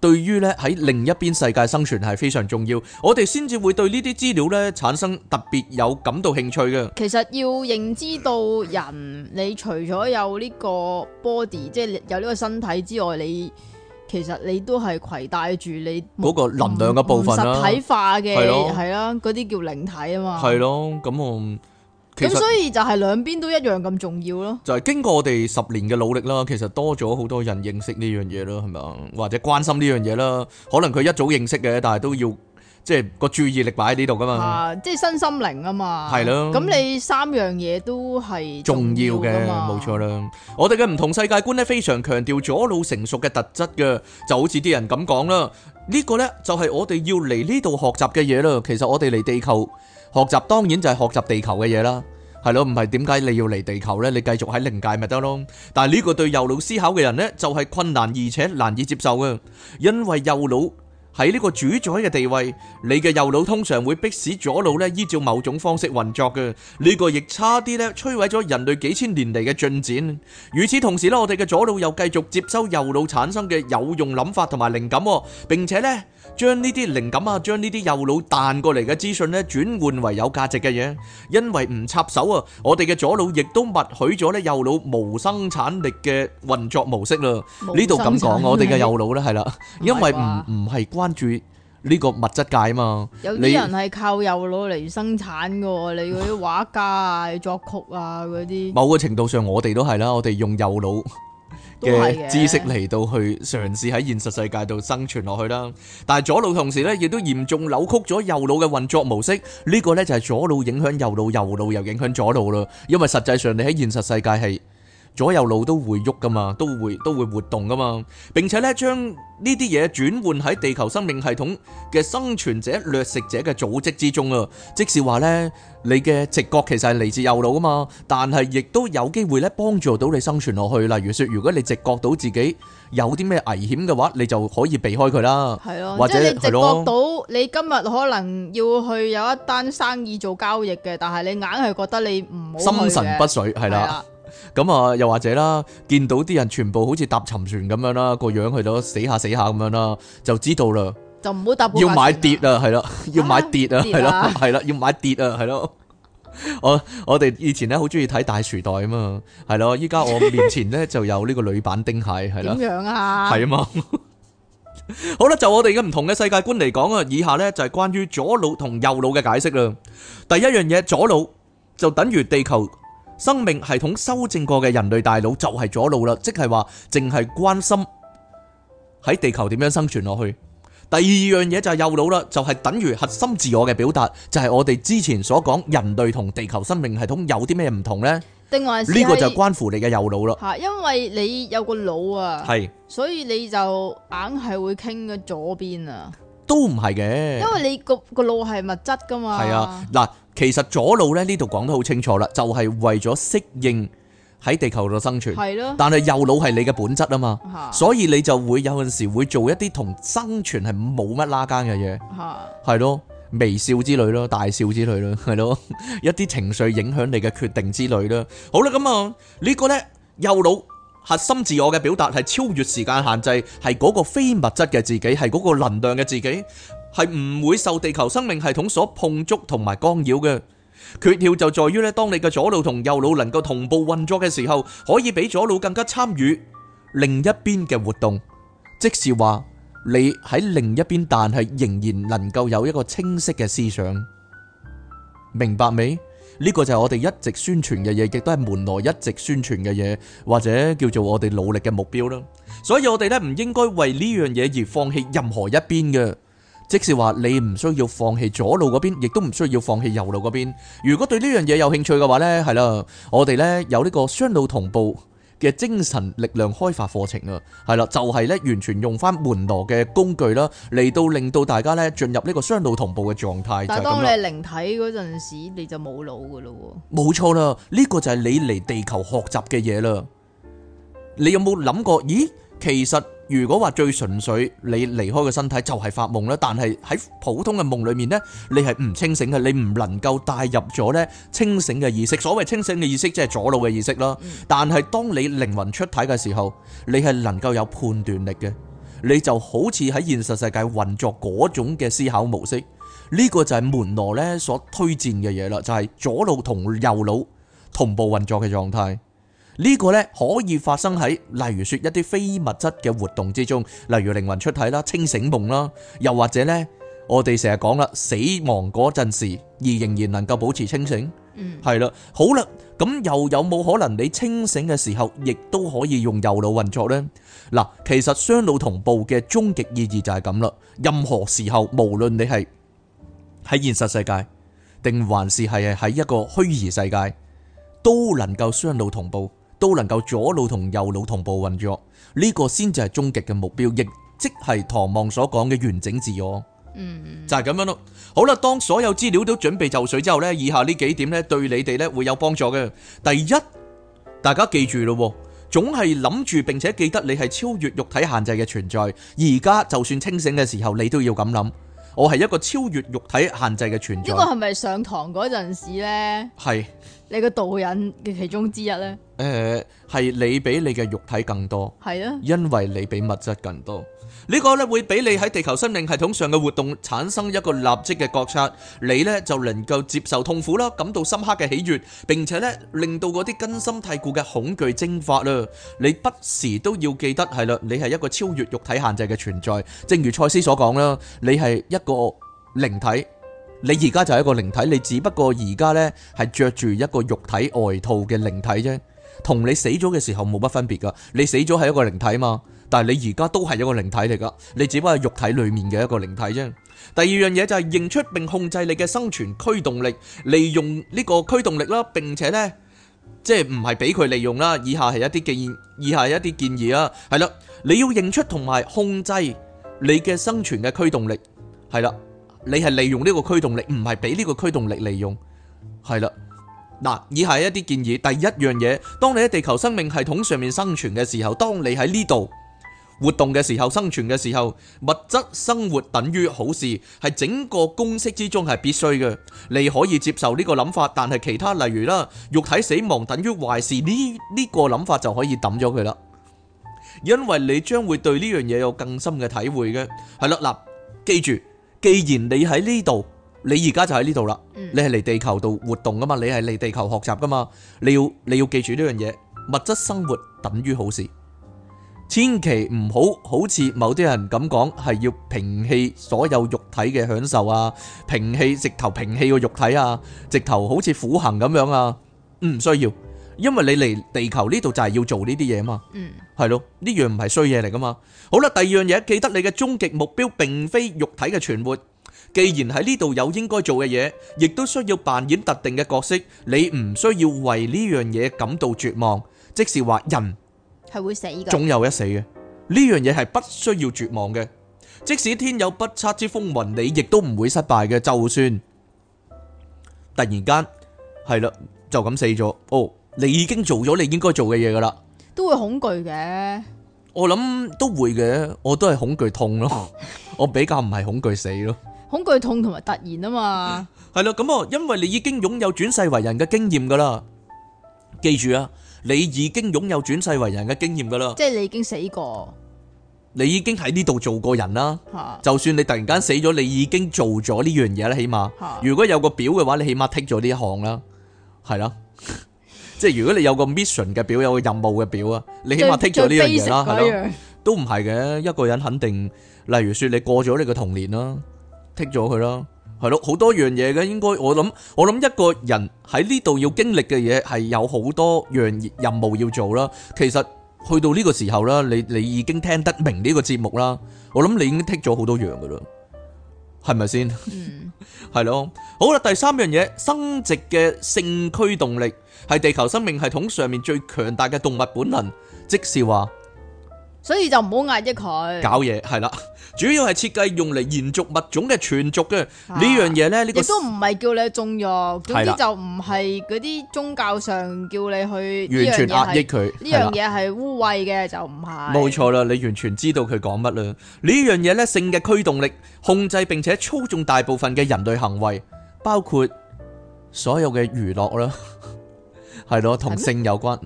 S1: 對於咧喺另一邊世界生存係非常重要，我哋先至會對呢啲資料咧產生特別有感到興趣嘅。
S2: 其實要認知到人，你除咗有呢個 body，即係有呢個身體之外，你其實你都係攜帶住你
S1: 嗰個能量嘅部分啦。實體化嘅係
S2: 咯，嗰啲叫靈體啊嘛。係
S1: 咯，咁我。
S2: 咁所以就係兩邊都一樣咁重要咯，
S1: 就係經過我哋十年嘅努力啦，其實多咗好多人認識呢樣嘢咯，係咪啊？或者關心呢樣嘢啦，可能佢一早認識嘅，但係都要即係個注意力擺喺呢度噶嘛，
S2: 即係身心靈啊嘛，係咯。咁你三樣嘢都係重
S1: 要嘅，冇錯啦。我哋嘅唔同世界觀咧，非常強調咗老成熟嘅特質嘅，就好似啲人咁講啦。呢個呢就係我哋要嚟呢度學習嘅嘢啦。其實我哋嚟地球。學習當然就係學習地球嘅嘢啦，係咯，唔係點解你要嚟地球呢？你繼續喺靈界咪得咯？但係呢個對右腦思考嘅人呢，就係、是、困難而且難以接受嘅，因為右腦喺呢個主宰嘅地位，你嘅右腦通常會迫使左腦呢依照某種方式運作嘅，這個、呢個亦差啲呢摧毀咗人類幾千年嚟嘅進展。與此同時呢，我哋嘅左腦又繼續接收右腦產生嘅有用諗法同埋靈感，並且呢。將呢啲靈感啊，將呢啲右腦彈過嚟嘅資訊呢，轉換為有價值嘅嘢。因為唔插手啊，我哋嘅左腦亦都默許咗呢右腦無生產力嘅運作模式啦。呢度咁講，我哋嘅右腦呢係啦，因為唔唔係關注呢個物質界啊嘛。有啲人
S2: 係靠右腦嚟生產噶，你嗰啲畫家啊、作曲啊嗰啲。
S1: 某個程度上，我哋都係啦，我哋用右腦。
S2: 嘅知識嚟
S1: 到去嘗試喺現實世界度生存落去啦，但係左腦同時呢，亦都嚴重扭曲咗右腦嘅運作模式，呢個呢，就係左腦影響右腦，右腦又影響左腦啦，因為實際上你喺現實世界係。左右腦都會喐噶嘛，都會都會活動噶嘛，並且咧將呢啲嘢轉換喺地球生命系統嘅生存者、掠食者嘅組織之中啊。即是話咧，你嘅直覺其實係嚟自右腦噶嘛，但係亦都有機會咧幫助到你生存落去。例如說，如果你直覺到自己有啲咩危險嘅話，你就可以避開佢啦。係咯，或者係咯，你直覺到
S2: 你今日可能要去有一單生意做交易嘅，但係你硬係覺得你唔好去嘅。心神不遂，
S1: 係啦。咁啊，又或者啦，見到啲人全部好似搭沉船咁樣啦，個樣去咗死下死下咁樣啦，就知道啦。
S2: 就唔好搭。要買跌
S1: 啊，係啦，要買跌啊，係咯，係啦，要買跌啊，係咯。我我哋以前咧好中意睇大時代啊嘛，係咯，依家我面前咧就有呢個女版丁蟹，係啦。
S2: 咁樣啊，係啊嘛。
S1: 好啦，就我哋嘅唔同嘅世界觀嚟講啊，以下咧就係關於左腦同右腦嘅解釋啦。第一樣嘢，左腦就等於地球。生命系統修正過嘅人類大腦就係左腦啦，即係話淨係關心喺地球點樣生存落去。第二樣嘢就係右腦啦，就係等於核心自我嘅表達，就係我哋之前所講人類同地球生命系統有啲咩唔同呢？
S2: 呢個就關
S1: 乎你嘅右腦啦。吓，
S2: 因為你有個腦啊，係，所以你就硬係會傾嘅左邊啊。
S1: 都唔係嘅，因為
S2: 你個個腦係物質噶嘛。係啊，
S1: 嗱，其實左腦咧呢度講得好清楚啦，就係為咗適應喺地球度生存。係咯。但係右腦係你嘅本質啊嘛，所以你就會有陣時會做一啲同生存係冇乜拉更嘅嘢。係。係咯，微笑之類咯，大笑之類咯，係咯，一啲情緒影響你嘅決定之類啦。好啦，咁啊，呢個呢，右腦。核心自我嘅表達係超越時間限制，係嗰個非物質嘅自己，係嗰個能量嘅自己，係唔會受地球生命系統所碰觸同埋干擾嘅。訣竅就在於咧，當你嘅左腦同右腦能夠同步運作嘅時候，可以比左腦更加參與另一邊嘅活動，即是話你喺另一邊，但係仍然能夠有一個清晰嘅思想，明白未？呢個就係我哋一直宣傳嘅嘢，亦都係門內一直宣傳嘅嘢，或者叫做我哋努力嘅目標啦。所以我哋呢唔應該為呢樣嘢而放棄任何一邊嘅，即是話你唔需要放棄左路嗰邊，亦都唔需要放棄右路嗰邊。如果對呢樣嘢有興趣嘅話呢，係啦，我哋呢有呢個雙路同步。嘅精神力量開發課程啊，係啦，就係咧完全用翻門羅嘅工具啦，嚟到令到大家咧進入呢個雙腦同步嘅狀態就咁樣。但係當你
S2: 係靈體嗰陣時，你就冇腦噶咯喎。
S1: 冇錯啦，呢個就係你嚟地球學習嘅嘢啦。你有冇諗過？咦，其實。如果話最純粹，你離開個身體就係發夢啦。但係喺普通嘅夢裏面呢，你係唔清醒嘅，你唔能夠帶入咗呢清醒嘅意識。所謂清醒嘅意識，即係左腦嘅意識啦。但係當你靈魂出體嘅時候，你係能夠有判斷力嘅。你就好似喺現實世界運作嗰種嘅思考模式。呢個就係門羅呢所推薦嘅嘢啦，就係左腦同右腦同步運作嘅狀態。呢個呢可以發生喺，例如說一啲非物質嘅活動之中，例如靈魂出體啦、清醒夢啦，又或者呢，我哋成日講啦，死亡嗰陣時而仍然能夠保持清醒，嗯，係啦，好啦，咁又有冇可能你清醒嘅時候，亦都可以用右腦運作呢？嗱，其實雙腦同步嘅終極意義就係咁啦，任何時候，無論你係喺現實世界，定還是係喺一個虛擬世界，都能夠雙腦同步。都能夠左腦同右腦同步運作。呢個先至係終極嘅目標，亦即係唐望所講嘅完整自我。Mm -hmm. 我係一個超越肉體限制嘅存在。呢個係
S2: 咪上堂嗰陣時呢？係是你個導引嘅其中之一呢？
S1: 誒、呃，係你比你嘅肉體更多。係啊的，因為你比物質更多。呢個咧會俾你喺地球生命系統上嘅活動產生一個立即嘅覺察，你咧就能夠接受痛苦啦，感到深刻嘅喜悦，並且咧令到嗰啲根深蒂固嘅恐懼蒸發啦。你不時都要記得係啦，你係一個超越肉體限制嘅存在，正如賽斯所講啦，你係一個靈體，你而家就係一個靈體，你只不過而家咧係着住一個肉體外套嘅靈體啫。同你死咗嘅時候冇乜分別噶，你死咗係一個靈體嘛。但係你而家都係一個靈體嚟噶，你只不過係肉體裏面嘅一個靈體啫。第二樣嘢就係認出並控制你嘅生存驅動力，利用呢個驅動力啦，並且呢，即係唔係俾佢利用啦。以下係一啲建議，以下係一啲建議啊，係啦，你要認出同埋控制你嘅生存嘅驅動力，係啦，你係利用呢個驅動力，唔係俾呢個驅動力利用，係啦。嗱，以下一啲建議。第一樣嘢，當你喺地球生命系統上面生存嘅時候，當你喺呢度活動嘅時候、生存嘅時候，物質生活等於好事，係整個公式之中係必須嘅。你可以接受呢個諗法，但係其他例如啦，肉體死亡等於壞事呢？呢個諗法就可以抌咗佢啦，因為你將會對呢樣嘢有更深嘅體會嘅。係啦，嗱，記住，既然你喺呢度。你而家就喺呢度啦，你係嚟地球度活動噶嘛？你係嚟地球學習噶嘛？你要你要記住呢樣嘢，物質生活等於好事，千祈唔好好似某啲人咁講，係要屏棄所有肉體嘅享受啊，屏棄直頭屏棄個肉體啊，直頭好似苦行咁樣啊，唔需要，因為你嚟地球呢度就係要做呢啲嘢嘛，係咯、嗯，呢樣唔係衰嘢嚟噶嘛。好啦，第二樣嘢，記得你嘅終極目標並非肉體嘅存活。既然喺呢度有應該做嘅嘢，亦都需要扮演特定嘅角色。你唔需要為呢樣嘢感到絕望。即是話人
S2: 係會死嘅，總
S1: 有一死嘅。呢樣嘢係不需要絕望嘅。
S2: 即使天
S1: 有不測之風雲，你亦都唔會失敗嘅。就算突然間係啦，就咁死咗，哦，你已經做咗你應該做嘅嘢噶啦，
S2: 都會恐懼嘅。
S1: 我諗都會嘅，我都係恐懼痛咯，我比較唔係恐懼死咯。
S2: 恐懼痛同埋突然啊嘛，
S1: 係啦，咁啊，因為你已經擁有轉世為人嘅經驗噶啦，記住啊，你已經擁有轉世為人嘅經驗噶啦，即
S2: 係你已經死過，
S1: 你已經喺呢度做過人啦，就算你突然間死咗，你已經做咗呢樣嘢啦，起碼，如果有個表嘅話，你起碼 tick 咗呢一項啦，係啦，即係如果你有個 mission 嘅表，有個任務嘅表啊，你起碼 tick 咗呢樣嘢啦，係咯，都唔係嘅，一個人肯定，例如說你過咗你嘅童年啦。剔咗佢啦，係咯，好多樣嘢嘅。應該我諗，我諗一個人喺呢度要經歷嘅嘢係有好多樣任務要做啦。其實去到呢個時候啦，你你已經聽得明呢個節目啦。我諗你已經剔咗好多樣噶啦，係咪先？嗯，係咯。好啦，第三樣嘢，生殖嘅性驅動力係地球生命系統上面最強大嘅動物本能，即是話，
S2: 所以就唔好壓抑佢，搞
S1: 嘢，係啦。主要係設計用嚟延續物種嘅存續嘅呢樣嘢咧，呢個亦
S2: 都唔係叫你縱欲，總之就唔係嗰啲宗教上叫你去完全壓抑佢，呢樣嘢係污穢嘅，就唔係
S1: 冇錯啦！你完全知道佢講乜啦？呢樣嘢咧，性嘅驅動力控制並且操縱大部分嘅人類行為，包括所有嘅娛樂啦，係咯，同性有關。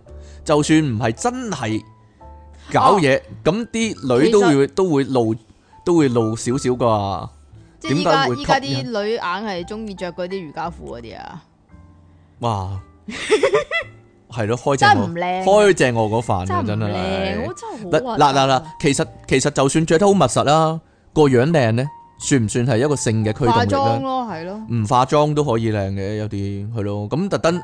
S1: 就算唔係真係搞嘢，咁啲女都會都會露。都會露少少啩，點解會？依家啲女
S2: 硬係中意着嗰啲瑜伽褲嗰啲啊，
S1: 哇，係咯，開正，唔靚，開正我嗰範 真啊靚，真係好
S2: 滑。嗱嗱嗱，
S1: 其實其實就算着得好密實啦，個樣靚咧，算唔算係一個性嘅驅動力化妝咯，
S2: 係咯，唔
S1: 化妝都可以靚嘅，有啲係咯，咁特登。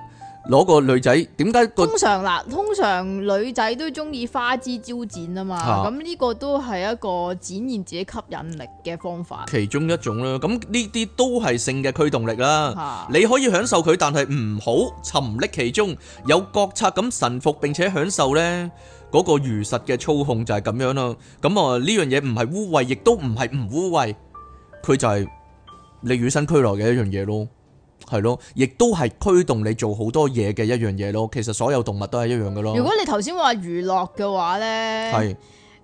S1: 攞個女仔點解？通常
S2: 嗱，通常女仔都中意花枝招展啊嘛，咁呢個都係一個展現自己吸引力嘅方法，
S1: 其中一種啦。咁呢啲都係性嘅驅動力啦。你可以享受佢，但係唔好沉溺其中，有覺察咁臣服並且享受咧嗰個如實嘅操控就係咁樣咯。咁啊呢樣嘢唔係污穢，亦都唔係唔污穢，佢就係你與生俱來嘅一樣嘢咯。係咯，亦都係驅動你做好多嘢嘅一樣嘢咯。其實所有動物都係一樣嘅咯。如果
S2: 你頭先話娛樂嘅話咧，係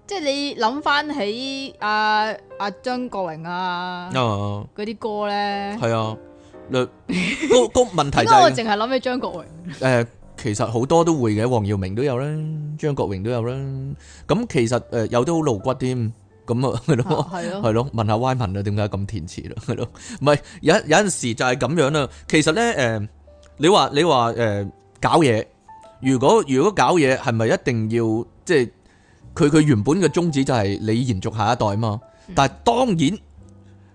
S2: 即係你諗翻起阿阿張國榮啊，嗰啲歌咧，係
S1: 啊，嗰個問題就係我淨
S2: 係諗起張國榮。
S1: 誒，其實好多都會嘅，黃耀明都有啦，張國榮都有啦。咁其實誒，有啲好露骨添。咁啊，係咯，係咯，問下 Why 問啦，點解咁填詞啦，係咯，唔係有有陣時就係咁樣啦。其實咧，誒，你話你話誒，搞嘢，如果如果搞嘢，係咪一定要即係佢佢原本嘅宗旨就係你延續下一代嘛？但係當然，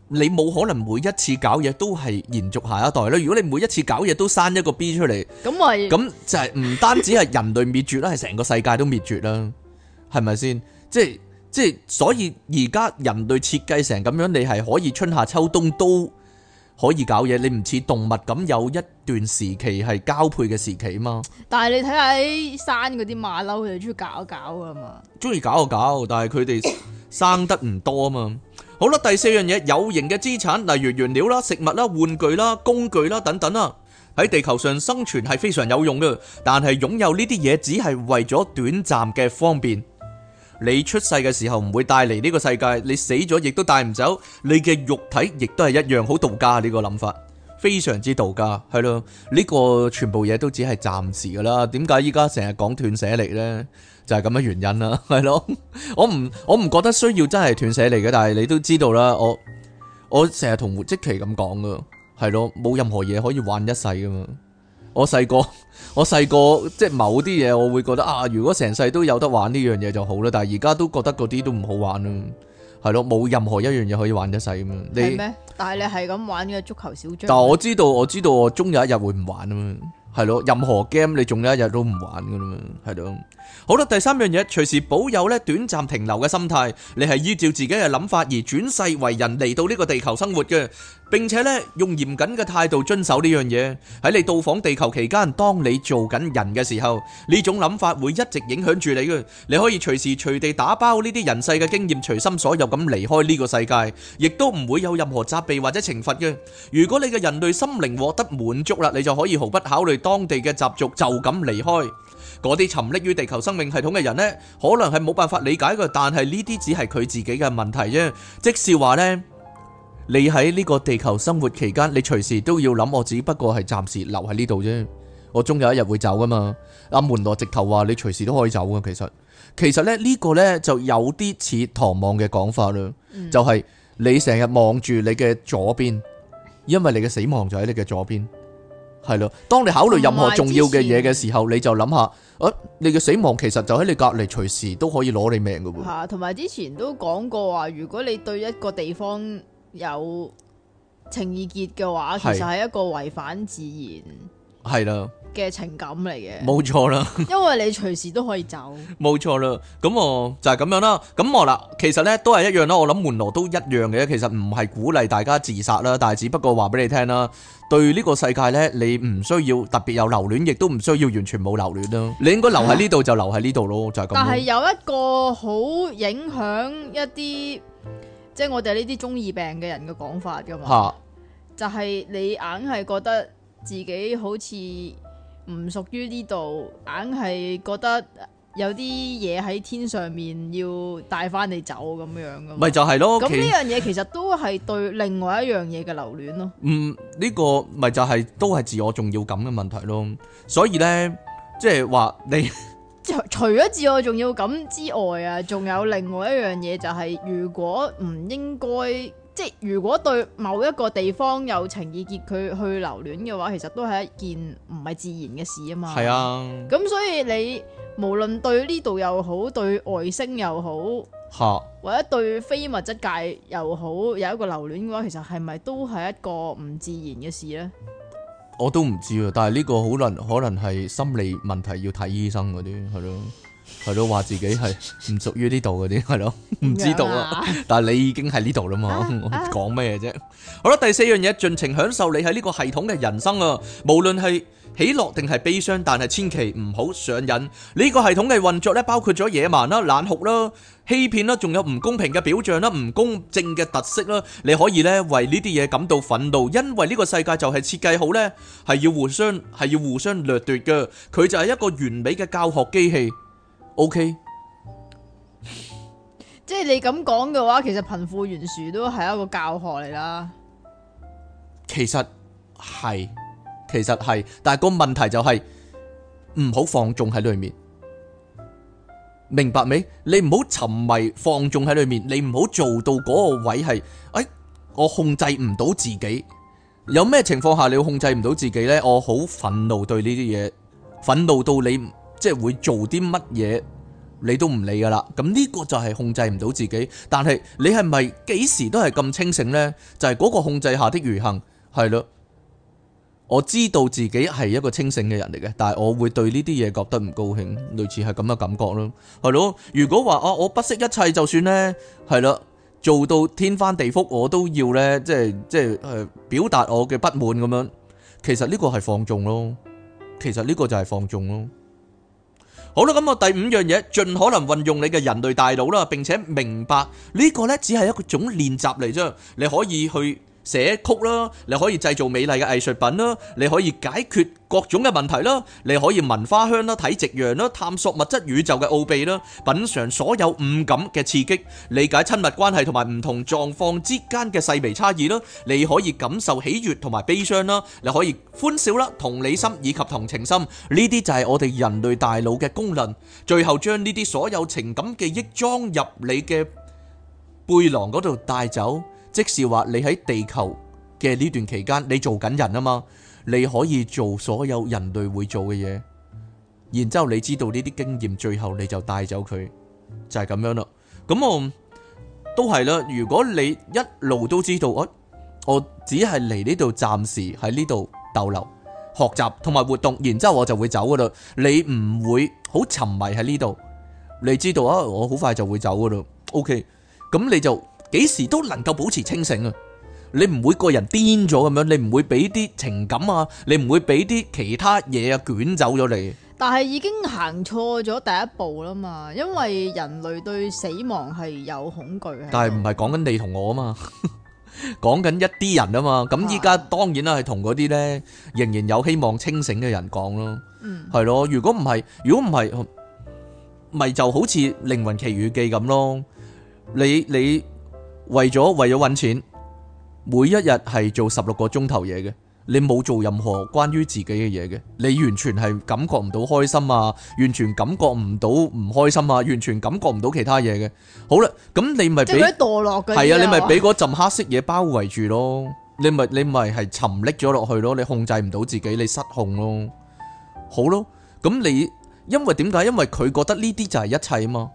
S1: 你冇可能每一次搞嘢都係延續下一代啦。如果你每一次搞嘢都生一個 B 出嚟，
S2: 咁咪咁
S1: 就係唔單止係人類滅絕啦，係成個世界都滅絕啦，係咪先？即係。即係所以而家人類設計成咁樣，你係可以春夏秋冬都可以搞嘢，你唔似動物咁有一段時期係交配嘅時期嘛？
S2: 但係你睇下喺山嗰啲馬騮，佢哋中意搞一搞噶嘛？
S1: 中意搞一搞，但係佢哋生得唔多啊嘛。好啦，第四樣嘢，有形嘅資產，例如原料啦、食物啦、玩具啦、工具啦等等啦，喺地球上生存係非常有用嘅，但係擁有呢啲嘢只係為咗短暫嘅方便。你出世嘅時候唔會帶嚟呢個世界，你死咗亦都帶唔走，你嘅肉體亦都係一樣好，道家呢個諗法非常之道家，係咯？呢個全部嘢都只係暫時噶啦。點解依家成日講斷捨離呢？就係咁嘅原因啦，係咯？我唔我唔覺得需要真係斷捨離嘅，但係你都知道啦，我我成日同胡積奇咁講噶，係咯？冇任何嘢可以玩一世噶嘛。我細個，我細個即係某啲嘢，我會覺得啊，如果成世都有得玩呢樣嘢就好啦。但係而家都覺得嗰啲都唔好玩啦，係咯，冇任何一樣嘢可以玩一世啊嘛。你，係咩？
S2: 但係你係咁玩嘅足球小將。但我知
S1: 道，我知道我終有一日會唔玩啊嘛。係咯，任何 game 你終有一日都唔玩噶啦嘛。係咯。好啦，第三樣嘢，隨時保有咧短暫停留嘅心態。你係依照自己嘅諗法而轉世為人嚟到呢個地球生活嘅。並且咧，用嚴謹嘅態度遵守呢樣嘢。喺你到訪地球期間，當你做緊人嘅時候，呢種諗法會一直影響住你嘅。你可以隨時隨地打包呢啲人世嘅經驗，隨心所欲咁離開呢個世界，亦都唔會有任何責備或者懲罰嘅。如果你嘅人類心靈獲得滿足啦，你就可以毫不考慮當地嘅習俗，就咁離開。嗰啲沉溺於地球生命系統嘅人呢，可能係冇辦法理解嘅，但係呢啲只係佢自己嘅問題啫。即是話呢。你喺呢個地球生活期間，你隨時都要諗我，只不過係暫時留喺呢度啫。我終有一日會走噶嘛。阿門羅直頭話，你隨時都可以走噶。其實其實咧呢、呢個呢就有啲似唐望嘅講法啦，嗯、就係你成日望住你嘅左邊，因為你嘅死亡就喺你嘅左邊係咯。當你考慮任何重要嘅嘢嘅時候，嗯、你就諗下，呃、你嘅死亡其實就喺你隔籬，隨時都可以攞你命噶
S2: 喎。同埋之前都講過話，如果你對一個地方。有情意結嘅話，其實係一個違反自然係啦嘅情感嚟嘅，冇
S1: 錯啦。
S2: 因為你隨時都可以走，
S1: 冇錯啦。咁哦，就係咁樣啦。咁我啦，其實呢都係一樣啦。我諗門羅都一樣嘅。其實唔係鼓勵大家自殺啦，但係只不過話俾你聽啦。對呢個世界呢，你唔需要特別有留戀，亦都唔需要完全冇留戀咯。你應該留喺呢度就留喺呢度咯，就係咁。但係
S2: 有一個好影響一啲。即係我哋呢啲中二病嘅人嘅講法噶嘛，吓？就係你硬係覺得自己好似唔屬於呢度，硬係覺得有啲嘢喺天上面要帶翻你走咁樣噶。咪就係咯，咁呢樣嘢其實都係對另外一樣嘢嘅留戀咯。
S1: 嗯，呢個咪就係都係自我重要感嘅問題咯。所以咧，即係話你。
S2: 除咗自我仲要咁之外啊，仲有另外一樣嘢就係如果唔應該，即係如果對某一個地方有情意結，佢去留戀嘅話，其實都係一件唔係自然嘅事啊嘛。係啊，咁所以你無論對呢度又好，對外星又好，吓哈或者對非物質界又好，有一個留戀嘅話，其實係咪都係一個唔自然嘅事呢？
S1: 我都唔知啊，但係呢個可能可能係心理問題，要睇醫生嗰啲係咯，係咯話自己係唔屬於呢度嗰啲係咯，唔知道啊。但係你已經喺呢度啦嘛，我講咩啫？啊啊、好啦，第四樣嘢，盡情享受你喺呢個系統嘅人生啊！無論係喜樂定係悲傷，但係千祈唔好上癮。呢、呢個系統嘅運作咧，包括咗野蠻啦、冷酷啦。欺騙啦，仲有唔公平嘅表象啦，唔公正嘅特色啦，你可以咧為呢啲嘢感到憤怒，因為呢個世界就係設計好咧，係要互相係要互相掠奪嘅，佢就係一個完美嘅教學機器。OK，即
S2: 係你咁講嘅話，其實貧富懸殊都係一個教學嚟啦。
S1: 其實係，其實係，但係個問題就係唔好放縱喺裏面。明白未？你唔好沉迷放縱喺裏面，你唔好做到嗰個位係，哎，我控制唔到自己。有咩情況下你控制唔到自己呢？我好憤怒對呢啲嘢，憤怒到你即係會做啲乜嘢，你都唔理噶啦。咁呢個就係控制唔到自己。但係你係咪幾時都係咁清醒呢？就係、是、嗰個控制下的馀幸，係咯。我知道自己係一個清醒嘅人嚟嘅，但係我會對呢啲嘢覺得唔高興，類似係咁嘅感覺咯，係咯。如果話啊，我不惜一切就算咧，係啦，做到天翻地覆，我都要咧，即係即係誒表達我嘅不滿咁樣。其實呢個係放縱咯，其實呢個就係放縱咯。好啦，咁我第五樣嘢，盡可能運用你嘅人類大腦啦，並且明白呢個咧只係一種練習嚟啫，你可以去。寫曲啦，你可以製造美麗嘅藝術品啦，你可以解決各種嘅問題啦，你可以聞花香啦、睇夕陽啦、探索物質宇宙嘅奧秘啦、品嘗所有五感嘅刺激、理解親密關係同埋唔同狀況之間嘅細微差異啦，你可以感受喜悅同埋悲傷啦，你可以歡笑啦、同理心以及同情心，呢啲就係我哋人類大腦嘅功能。最後將呢啲所有情感記憶裝入你嘅背囊嗰度帶走。即是話你喺地球嘅呢段期間，你做緊人啊嘛，你可以做所有人類會做嘅嘢，然之後你知道呢啲經驗，最後你就帶走佢，就係咁樣啦。咁我都係啦。如果你一路都知道，我我只係嚟呢度暫時喺呢度逗留、學習同埋活動，然之後我就會走㗎喇，你唔會好沉迷喺呢度。你知道啊，我好快就會走㗎喇。OK，咁你就。幾時都能夠保持清醒啊？你唔會個人癲咗咁樣，你唔會俾啲情感啊，你唔會俾啲其他嘢啊，捲走咗你。
S2: 但係已經行錯咗第一步啦嘛，因為人類對死亡係有恐懼嘅。但
S1: 係唔係講緊你同我啊嘛，講緊一啲人啊嘛。咁依家當然啦，係同嗰啲咧，仍然有希望清醒嘅人講咯。嗯。係咯，如果唔係，如果唔係，咪就好似《靈魂奇遇記》咁咯。你你。為咗為咗搵錢，每一日係做十六個鐘頭嘢嘅，你冇做任何關於自己嘅嘢嘅，你完全係感覺唔到開心啊，完全感覺唔到唔開心啊，完全感覺唔到其他嘢嘅。好啦，咁你咪俾墮
S2: 落係啊，你咪俾嗰
S1: 陣黑色嘢包圍住咯， 你咪你咪係沉溺咗落去咯，你控制唔到自己，你失控咯，好咯。咁你因為點解？因為佢覺得呢啲就係一切啊嘛，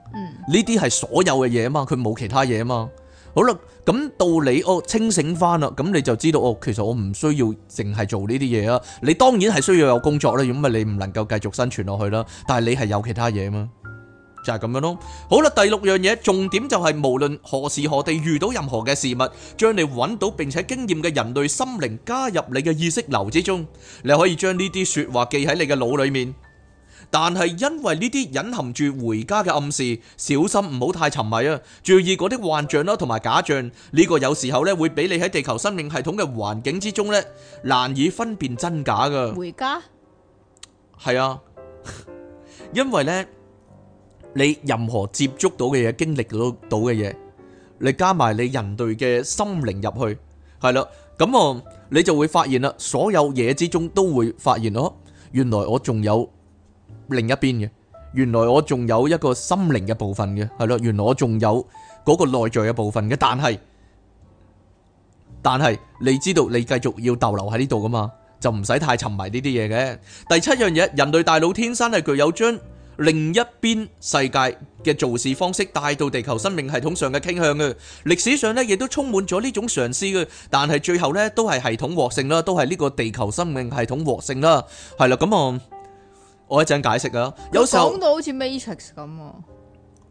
S1: 呢啲係所有嘅嘢啊嘛，佢冇其他嘢啊嘛。好啦，咁到你哦清醒翻啦，咁你就知道哦，其實我唔需要淨係做呢啲嘢啦。你當然係需要有工作啦，如果唔係你唔能夠繼續生存落去啦。但係你係有其他嘢嘛，就係咁樣咯。好啦，第六樣嘢重點就係無論何時何地遇到任何嘅事物，將你揾到並且經驗嘅人類心靈加入你嘅意識流之中，你可以將呢啲說話記喺你嘅腦裏面。但係因為呢啲隱含住回家嘅暗示，小心唔好太沉迷啊！注意嗰啲幻象咯，同埋假象呢，個有時候呢會俾你喺地球生命系統嘅環境之中呢難以分辨真假噶。回家？係啊，因為呢你任何接觸到嘅嘢，經歷到到嘅嘢，你加埋你人類嘅心靈入去係啦，咁啊，你就會發現啦，所有嘢之中都會發現咯，原來我仲有。另一邊嘅，原來我仲有一個心靈嘅部分嘅，係咯，原來我仲有嗰個內在嘅部分嘅，但係但係你知道你繼續要逗留喺呢度噶嘛，就唔使太沉迷呢啲嘢嘅。第七樣嘢，人類大腦天生係具有將另一邊世界嘅做事方式帶到地球生命系統上嘅傾向嘅。歷史上呢亦都充滿咗呢種嘗試嘅，但係最後呢都係系統獲勝啦，都係呢個地球生命系統獲勝啦，係啦，咁啊。我一陣解釋啊，有時候講
S2: 到好似 Matrix 咁啊，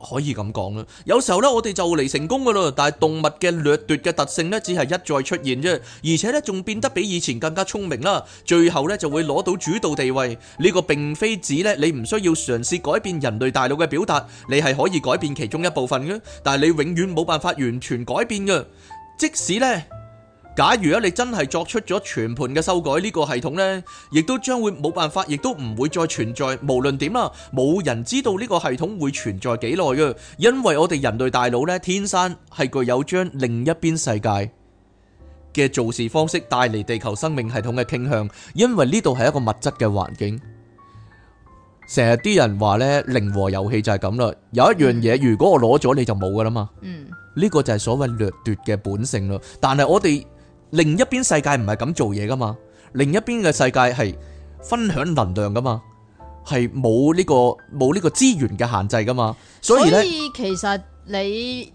S1: 可以咁講啦。有時候咧，我哋就嚟成功噶啦。但係動物嘅掠奪嘅特性咧，只係一再出現啫。而且咧，仲變得比以前更加聰明啦。最後咧，就會攞到主導地位。呢個並非指咧，你唔需要嘗試改變人類大腦嘅表達，你係可以改變其中一部分嘅。但係你永遠冇辦法完全改變嘅，即使咧。假如啊，你真係作出咗全盤嘅修改，呢個系統咧，亦都將會冇辦法，亦都唔會再存在。無論點啦，冇人知道呢個系統會存在幾耐嘅，因為我哋人類大腦咧，天生係具有將另一邊世界嘅做事方式帶嚟地球生命系統嘅傾向，因為呢度係一個物質嘅環境。成日啲人話咧，零和遊戲就係咁啦。有一樣嘢，如果我攞咗你就冇噶啦嘛。嗯，呢個就係所謂掠奪嘅本性咯。但係我哋。另一邊世界唔係咁做嘢噶嘛，另一邊嘅世界係分享能量噶嘛，係冇呢個冇呢個資源嘅限制噶嘛，所以咧，所以
S2: 其實你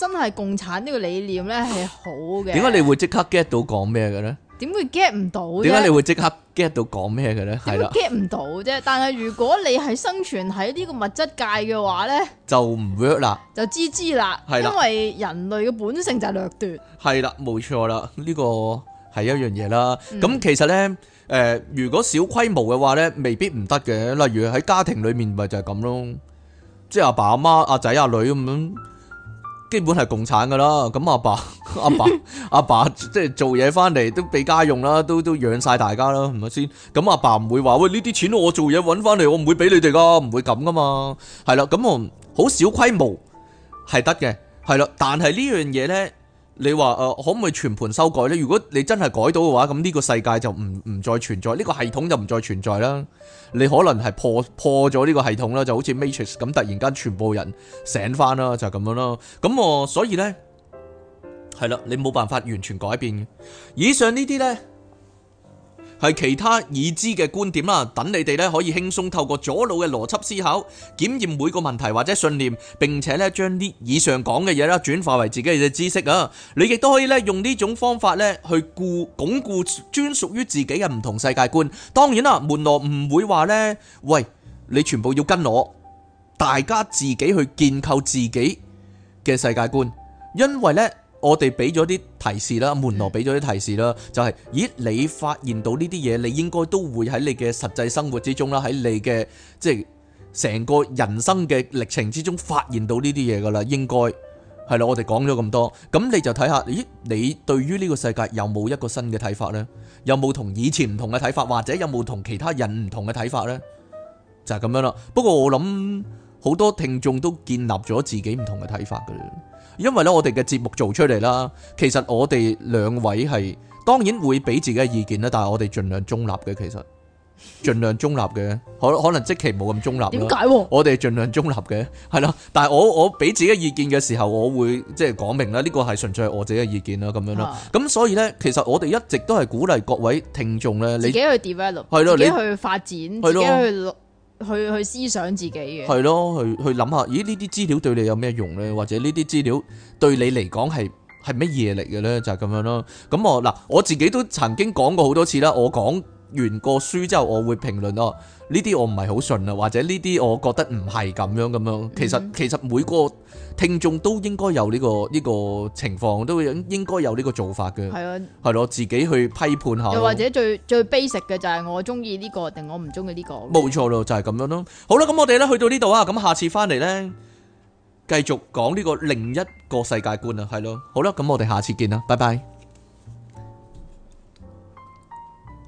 S2: 真係共產呢個理念咧係好嘅。點解、啊、你會
S1: 即刻 get 到講咩嘅咧？
S2: 點會 get 唔到啫？點解你會
S1: 即刻 get 到講咩嘅咧？點解 get
S2: 唔到啫？ 但係如果你係生存喺呢個物質界嘅話咧，
S1: 就唔 work 啦，
S2: 就知知啦，係啦，因為人類嘅本性就係掠奪。
S1: 係啦，冇錯啦，呢個係一樣嘢啦。咁、嗯、其實咧，誒、呃，如果小規模嘅話咧，未必唔得嘅。例如喺家庭裏面，咪就係咁咯，即係阿爸阿媽阿仔阿女咁樣。就是爸爸媽媽基本係共產噶啦，咁阿爸阿爸阿 爸即係、就是、做嘢翻嚟都俾家用啦，都都養晒大家啦，係咪先？咁阿爸唔會話，喂，呢啲錢我做嘢揾翻嚟，我唔會俾你哋噶，唔會咁噶嘛。係啦，咁我好小規模係得嘅，係啦，但係呢樣嘢咧。你話誒、呃，可唔可以全盤修改呢？如果你真係改到嘅話，咁呢個世界就唔唔再存在，呢、呢個系統就唔再存在啦。你可能係破破咗呢個系統啦，就好似 Matrix 咁，突然間全部人醒翻啦，就係、係、咁樣咯。咁我、呃、所以呢，係啦，你冇辦法完全改變嘅。以上呢啲呢。係其他已知嘅觀點啦，等你哋咧可以輕鬆透過左腦嘅邏輯思考，檢驗每個問題或者信念，並且咧將啲以上講嘅嘢啦轉化為自己嘅知識啊！你亦都可以咧用呢種方法咧去固鞏固專屬於自己嘅唔同世界觀。當然啦，門羅唔會話呢：「喂，你全部要跟我，大家自己去建構自己嘅世界觀，因為呢。」我哋俾咗啲提示啦，門羅俾咗啲提示啦，就係，咦，你發現到呢啲嘢，你應該都會喺你嘅實際生活之中啦，喺你嘅即係成個人生嘅歷程之中發現到呢啲嘢噶啦，應該係啦。我哋講咗咁多，咁你就睇下，咦，你對於呢個世界有冇一個新嘅睇法呢？有冇同以前唔同嘅睇法，或者有冇同其他人唔同嘅睇法呢？就係咁樣啦。不過我諗好多聽眾都建立咗自己唔同嘅睇法噶。因為咧，我哋嘅節目做出嚟啦，其實我哋兩位係當然會俾自己嘅意見啦，但係我哋盡量中立嘅，其實盡量中立嘅，可可能即期冇咁中立。點解？我哋盡量中立嘅，係啦。但係我我俾自己嘅意見嘅時候，我會即係講明啦，呢個係純粹係我自己嘅意見啦，咁樣啦。咁所以呢，其實我哋一直都係鼓勵各位聽眾咧，自己
S2: 去 develop，係咯，自己去發展，自己去。去去思想自己嘅，
S1: 係咯，去去諗下，咦呢啲資料對你有咩用咧？或者呢啲資料對你嚟講係係乜嘢嚟嘅咧？就係咁樣咯。咁我嗱，我自己都曾經講過好多次啦。我講。完個書之後，我會評論哦，呢、啊、啲我唔係好信啊，或者呢啲我覺得唔係咁樣咁樣。其實其實每個聽眾都應該有呢、呢個呢、呢個情況，都應該有呢個做法嘅。係啊的，係咯，自己去批判下。又或者
S2: 最最 basic 嘅就係我中意呢個，定我唔中意呢個。冇
S1: 錯咯，就係、是、咁樣咯。好啦，咁我哋咧去到呢度啊，咁下次翻嚟呢，繼續講呢個另一個世界觀啊，係咯。好啦，咁我哋下次見啦，拜拜。